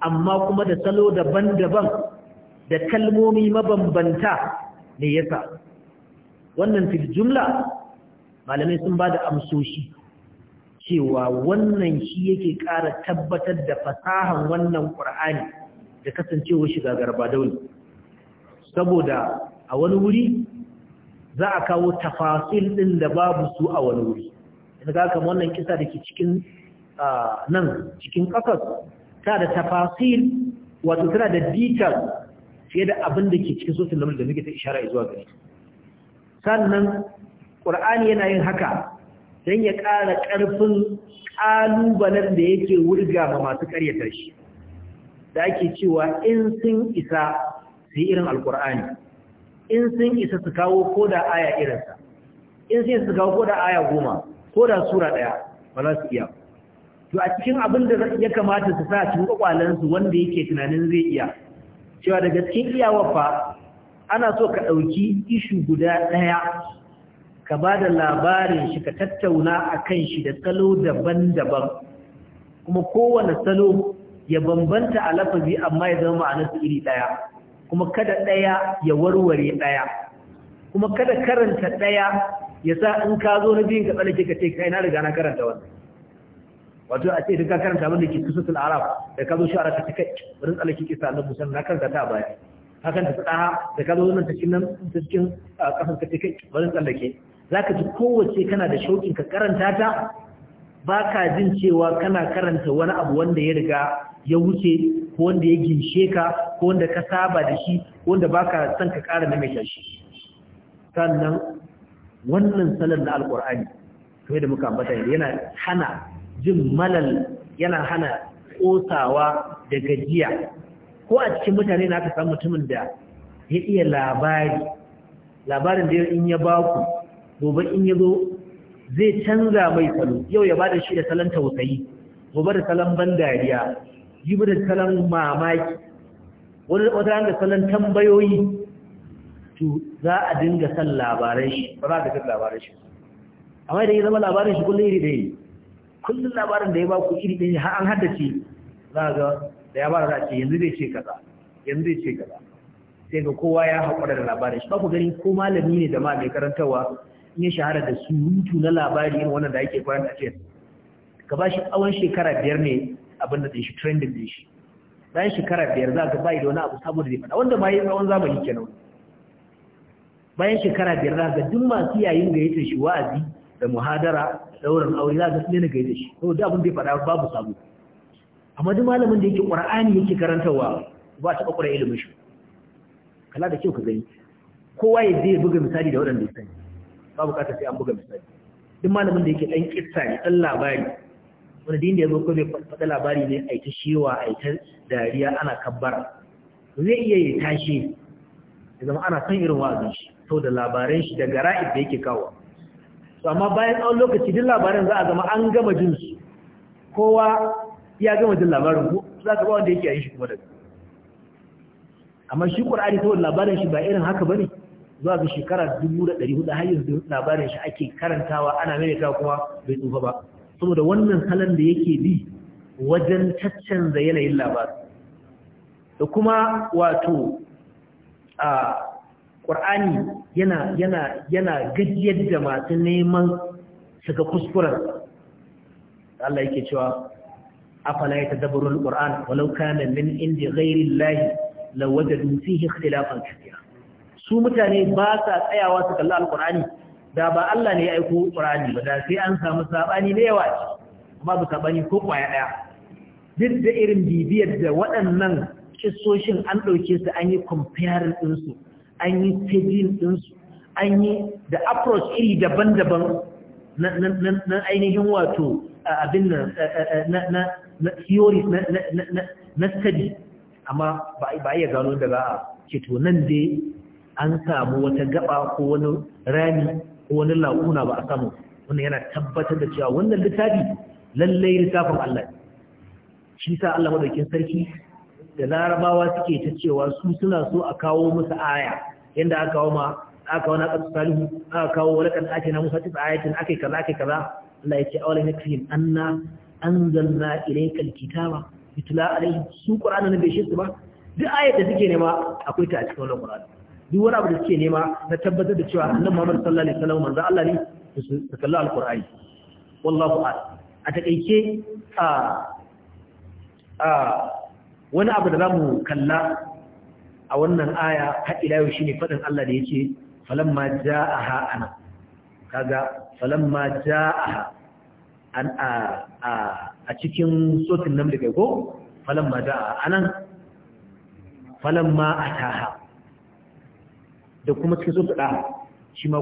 amma kuma da salo daban-daban da kalmomi mabambanta me yasa wannan fil jumla malamai sun ba da amsoshi cewa wannan shi yake ƙara tabbatar da fasahan wannan ƙur'ani da kasancewa shiga garba dauni saboda a wani wuri za a kawo tafasil ɗin da babu su a wani wuri ina ga kamar wannan kisa da ke cikin nan cikin ƙasar ta da tafasil wato tana da detail fiye da abin da ke cikin sosin lamar da muke ta ishara zuwa gari, sannan ƙur'ani yana yin haka don ya ƙara ƙarfin ƙalubalen da yake wurga ma masu ƙaryata shi da ake cewa in sun isa su yi irin alkur'ani in sun isa su kawo ko da aya irinsa in sun isa su kawo ko da aya goma ko da sura ɗaya ba za su iya to a cikin abin da ya kamata su sa cikin kwakwalensu wanda yake tunanin zai iya cewa daga cikin iyawar fa ana so ka ɗauki ishu guda ɗaya ka ba da labarin shi ka tattauna a kan shi da salo daban-daban kuma kowane salo ya bambanta a lafazi amma ya zama ma'anarsa iri ɗaya kuma kada ɗaya ya warware ɗaya kuma kada karanta ɗaya ya sa in ka zo na biyun ka tsallake ka ce kai na riga na karanta wannan wato a ce ka karanta wanda da ke sun arab da ka zo shi arab ta kai wurin ke kisa na musan na karanta ta baya hakan ta tsaha da ka zo nan ta cikin nan ta cikin kasar kai wurin tsallake zaka ji kowace kana da shaukin ka karanta ta baka jin cewa kana karanta wani abu wanda ya riga ya wuce ko wanda ya ginshe ka ko wanda ka saba da shi wanda baka son ka ƙara maimaita shi sannan wannan salar na alƙur'ani kuma da muka ambata yana hana jin malal yana hana ƙosawa da gajiya ko a cikin mutane na ka samu mutumin da ya iya labari labarin da in ya baku gobe in ya zo zai canza mai salo yau ya bada shi da salon tausayi gobe da salon ban dariya jibi da salon mamaki wani wata da salon tambayoyi to za a dinga san labaran shi ba za ka san labaran shi amma idan ya zama labarin shi kullum iri ɗaya ne kullum labarin da ya ba ku iri ɗaya ne har an haddace za ga da ya ba da ce yanzu zai ce kaza yanzu zai ce kaza sai ga kowa ya haƙura da labarin shi ba ku gani ko malami ne da ma mai karantarwa ya shahara da surutu na labari irin wannan da ake kwanan a cikin ka ba shi tsawon shekara biyar ne abin da ɗin shi trending ɗin shi bayan shekara biyar za ka ba da wani abu da zai faɗa wanda ma yi tsawon zamani kenan bayan shekara biyar za ka duk masu yayin gayyatar shi wa'azi da muhadara da ɗaurin aure za ka tsina gayyatar shi da abin da ya faɗa babu sabo amma duk malamin da yake ƙur'ani yake karantarwa ba ta ƙura ilimin shi kala da kyau ka gani kowa ya zai buga misali da waɗanda ya sani ba bukatar sai an buga misali duk malamin da yake ɗan kissa ne ɗan labari wani din da ya zo ko zai faɗa labari ne a ita shewa a ita dariya ana kabbara zai iya yi tashi ya zama ana son irin wa'azin shi to da labaran shi da gara'ib da yake kawo to amma bayan tsawon lokaci duk labarin za a zama an gama jin su kowa ya gama jin labarin ko za ka ba wanda yake a yi shi kuma daga amma shi ƙwar'ani saboda labarin shi ba irin haka ba ne zuwa ga shekara 1400 har yanzu labarin shi ake karantawa ana maimaita kuma bai tsufa ba saboda wannan salon da yake bi wajen caccanza yanayin labarin da kuma wato a ƙur'ani yana yana yana gajiyar da masu neman shiga kuskuren Allah yake cewa afala ya tadabbarul qur'an walau kana min indi ghairi llahi lawajadu fihi ikhtilafan kathira su mutane ba sa tsayawa su kalli alkur'ani da ba Allah ne ya aiko qur'ani ba da sai an samu sabani da yawa amma ba sabani ko kwaya daya duk da irin bibiyar da waɗannan kissoshin an ɗauke su an yi comparing ɗinsu an yi staging ɗinsu an yi da approach iri daban-daban na ainihin wato abin na theory, na study amma ba iya gano daga a ce to nan dai an samu wata gaba ko wani rami ko wani laƙuna ba a samu wannan yana tabbatar da cewa wannan littafi lallai littafin Allah shi sa Allah madaukin sarki da larabawa suke ta cewa su suna so a kawo musu aya yanda aka kawo ma aka kawo na salihu aka kawo walakan ake na musa tisa ayatin aka yi kaza aka yi kaza Allah ya ce awalan ya anna anzalna ilaykal kitaba su qur'ana ne bai shi su ba duk ayat da suke nema akwai ta a cikin wannan qur'ani duk wani abu da suke nema na tabbatar da cewa annabi Muhammad sallallahu alaihi wasallam manzo Allah ne su kalla alqur'ani wallahu a'lam a takeice a a wani abu da zamu kalla a wannan aya har ila yau shine fadin Allah da yake falamma ja'aha ana kaga falamma ja'aha an a a cikin sotin nan da kai ko falamma ja'aha anan falamma ataha da kuma cikin su tsada shi ma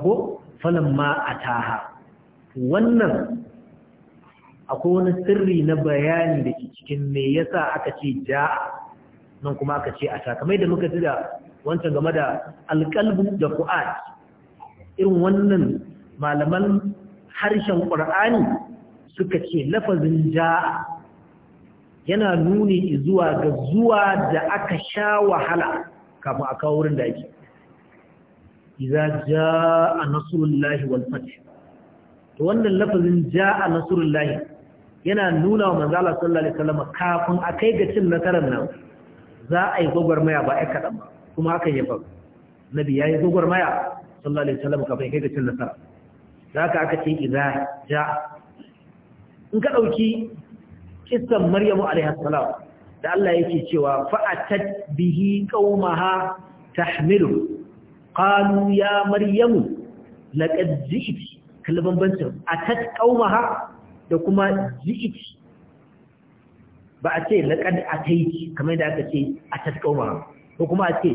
falon ma a taha wannan akwai wani sirri na bayani da ke cikin me yasa aka ce ja nan kuma aka ce a ta kamar da muka ji da wancan game da alƙalbu da fu'ad irin wannan malaman harshen ƙur'ani suka ce lafazin ja yana nuni zuwa ga zuwa da aka sha wahala kafin a kawo wurin da ake idza jaa nasrullahi wal fath to wannan lafazin jaa nasrullahi yana nuna wa manzo Allah sallallahu alaihi wasallam kafin akai ga cin nasarar nan za a yi gwagwarmaya ba ai kadan ba kuma hakan ya faru nabi yayi gwagwarmaya sallallahu alaihi wasallam kafin kai ga cin nasara zaka aka ce idza jaa in ka dauki kissan maryamu alaihi salam da Allah yake cewa fa'atat bihi qaumaha tahmilu qalu ya maryamu laqad ji'ti kallon bambancin atat qaumaha da kuma ji'ti ba a ce laqad ataiti kamar da aka ce atat qaumaha ko kuma a ce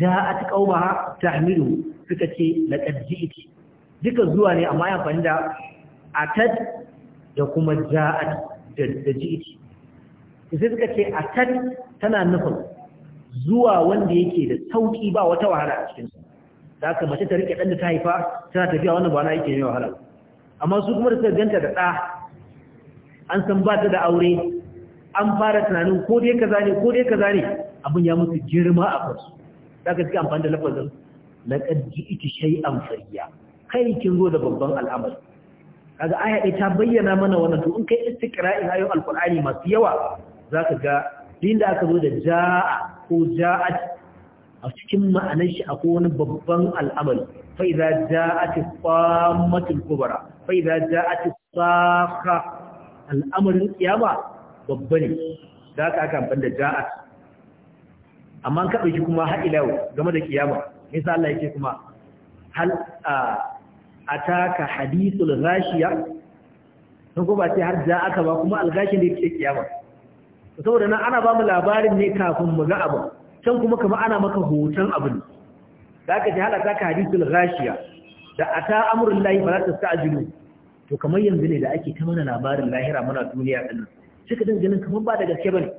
ja'at qaumaha tahmilu suka ce laqad ji'ti duka zuwa ne amma ya amfani da atat da kuma ja'at da ji'ti sai suka ce atat tana nufin zuwa wanda yake da sauki ba wata wahala a cikinsa da aka mace ta rike dan da ta haifa tana tafiya wannan ba na yake mai wahala amma su kuma da suka ganta da ɗa an san ba ta da aure an fara tunanin ko dai kaza ne ko dai kaza ne abin ya musu girma a kansu da aka suka amfani da lafazin iki ji'iki an fariya kai kin zo da babban al'amari kaga aya ta bayyana mana wannan to in kai istiqra'in ayoyin alqur'ani masu yawa zaka ga din da aka zo da ja'a ko ja'at a cikin ma'anar shi akwai wani babban al'amari fa idza ja'at qammatul kubra fa idza ja'at saqa al'amarin kiyama babba ne da aka aka amfani da ja'at amma ka dauki kuma har ila game da kiyama nisa Allah yake kuma hal ataka hadithul ghashiya sun ko ba sai har ja'aka ba kuma al-ghashiya ne yake kiyama saboda nan ana ba mu labarin ne kafin mu ga abu can kuma kama ana maka hoton abin da aka ji halata ka hadisul rashiya da ata amrul lahi fa ta tastajilu to kamar yanzu ne da ake ta mana labarin lahira muna duniya din Cika ka dangane kamar ba da gaske bane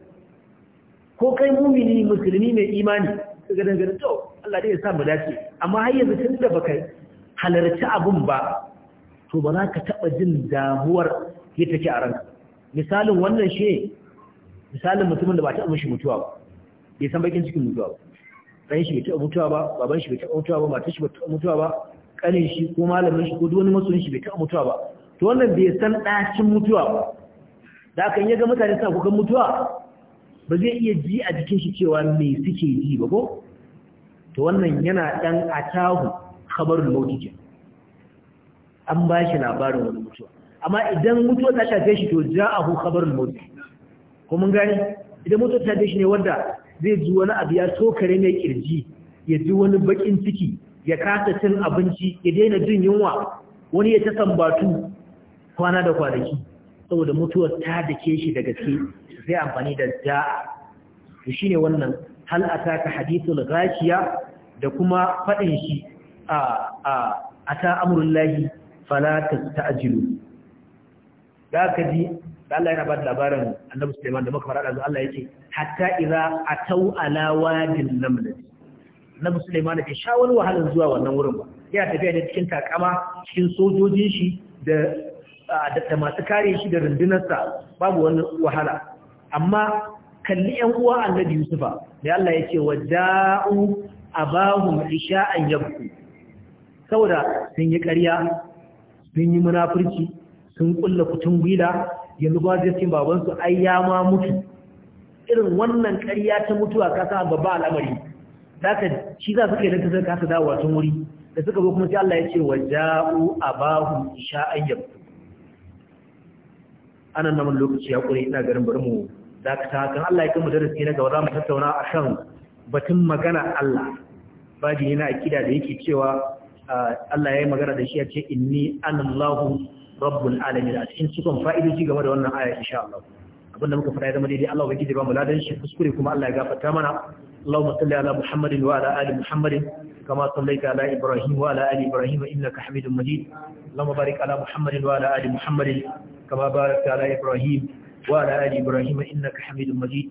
ko kai mumini musulmi mai imani sai ka dangane to Allah dai ya sa mu dace amma har yanzu tun da baka halarci abun ba to ba za ka taba jin damuwar yadda take a ranka misalin wannan shi misalin mutumin da ba taɓa shi mutuwa ba bai san bakin cikin mutuwa ba ɗan shi bai ta mutuwa ba baban shi bai ta mutuwa ba matar shi bai ta mutuwa ba ƙanin shi ko malamin shi ko duk wani masoyin shi bai ta mutuwa ba to wannan bai san ɗacin mutuwa ba da aka yi ga mutane suna kukan mutuwa ba zai iya ji a jikin shi cewa me suke ji ba ko to wannan yana ɗan tahu khabarul mauti ke an ba shi labarin wani mutuwa amma idan mutuwa ta shafe shi to ja'ahu khabarul mauti ko mun idan mutum ta shi ne wanda zai ji wani abu ya tokare mai kirji ya ji wani bakin ciki ya kasa cin abinci ya daina jin yunwa wani ya ta sambatu kwana da kwanaki saboda mutuwar ta dake shi da gaske sai amfani da da'a to shine wannan hal ataka hadithul ghashiya da kuma fadin shi a a ata amrullahi fala tastajilu da ka ji Allah yana ba da labarin annabi Sulaiman da muka fara da Allah yake hatta idza atau ala wadin naml annabi Sulaiman ke sha wani wahalar zuwa wannan wurin ba yana tafiya ne cikin takama cikin sojojin shi da da masu kare shi da rundunarsa babu wani wahala amma kalli yan uwa annabi Yusufa da Allah yake waja'u abahum isha'an yabku saboda sun yi ƙarya sun yi munafurci sun kulla kutun gwila yanzu gwajircin babansu ai ya ma mutu irin wannan ƙarya ta mutuwa kasa babba al'amari Zaka shi za su kai nan ta zai kasa dawowa tun wuri da suka zo kuma sai Allah ya ce wa ja'u abahu isha'an yabtu anan nan lokaci ya kure ina garin bari mu dakata kan Allah ya kuma darasi na gaba za mu tattauna kan batun magana Allah Ba baji yana akida da yake cewa ah, Allah ya yi magana da shi ya ce inni anallahu rabbul alamin a cikin cikon fa'idoji game da wannan aya insha Allah abinda muka fara zama daidai Allah ubangiji ba mu ladan shi kuskure kuma Allah ya gafarta mana Allahumma salli ala Muhammadin wa ala ali Muhammadin kama sallaita ala Ibrahim wa ala ali Ibrahim innaka Hamidum Majid Allahumma barik ala Muhammadin wa ala ali Muhammadin kama barakta ala Ibrahim wa ala ali Ibrahim innaka Hamidum Majid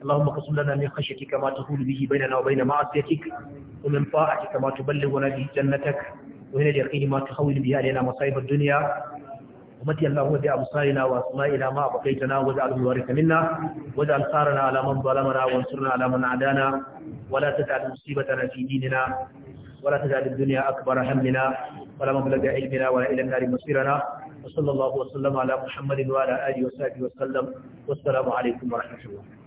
اللهم اقسم لنا من خشيتك ما تحول به بيننا وبين معصيتك ومن طاعتك ما تبلغنا به جنتك ومن اليقين ما تحول به علينا مصائب الدنيا ومتي الله بأبصارنا وأسمائنا ما بقيتنا واجعله الوارث منا واجعل ثارنا على من ظلمنا وانصرنا على من عادانا ولا تجعل مصيبتنا في ديننا ولا تجعل الدنيا أكبر همنا ولا مبلغ علمنا ولا إلى النار مصيرنا وصلى الله وسلم على محمد وعلى آله وصحبه وسلم والسلام عليكم ورحمة الله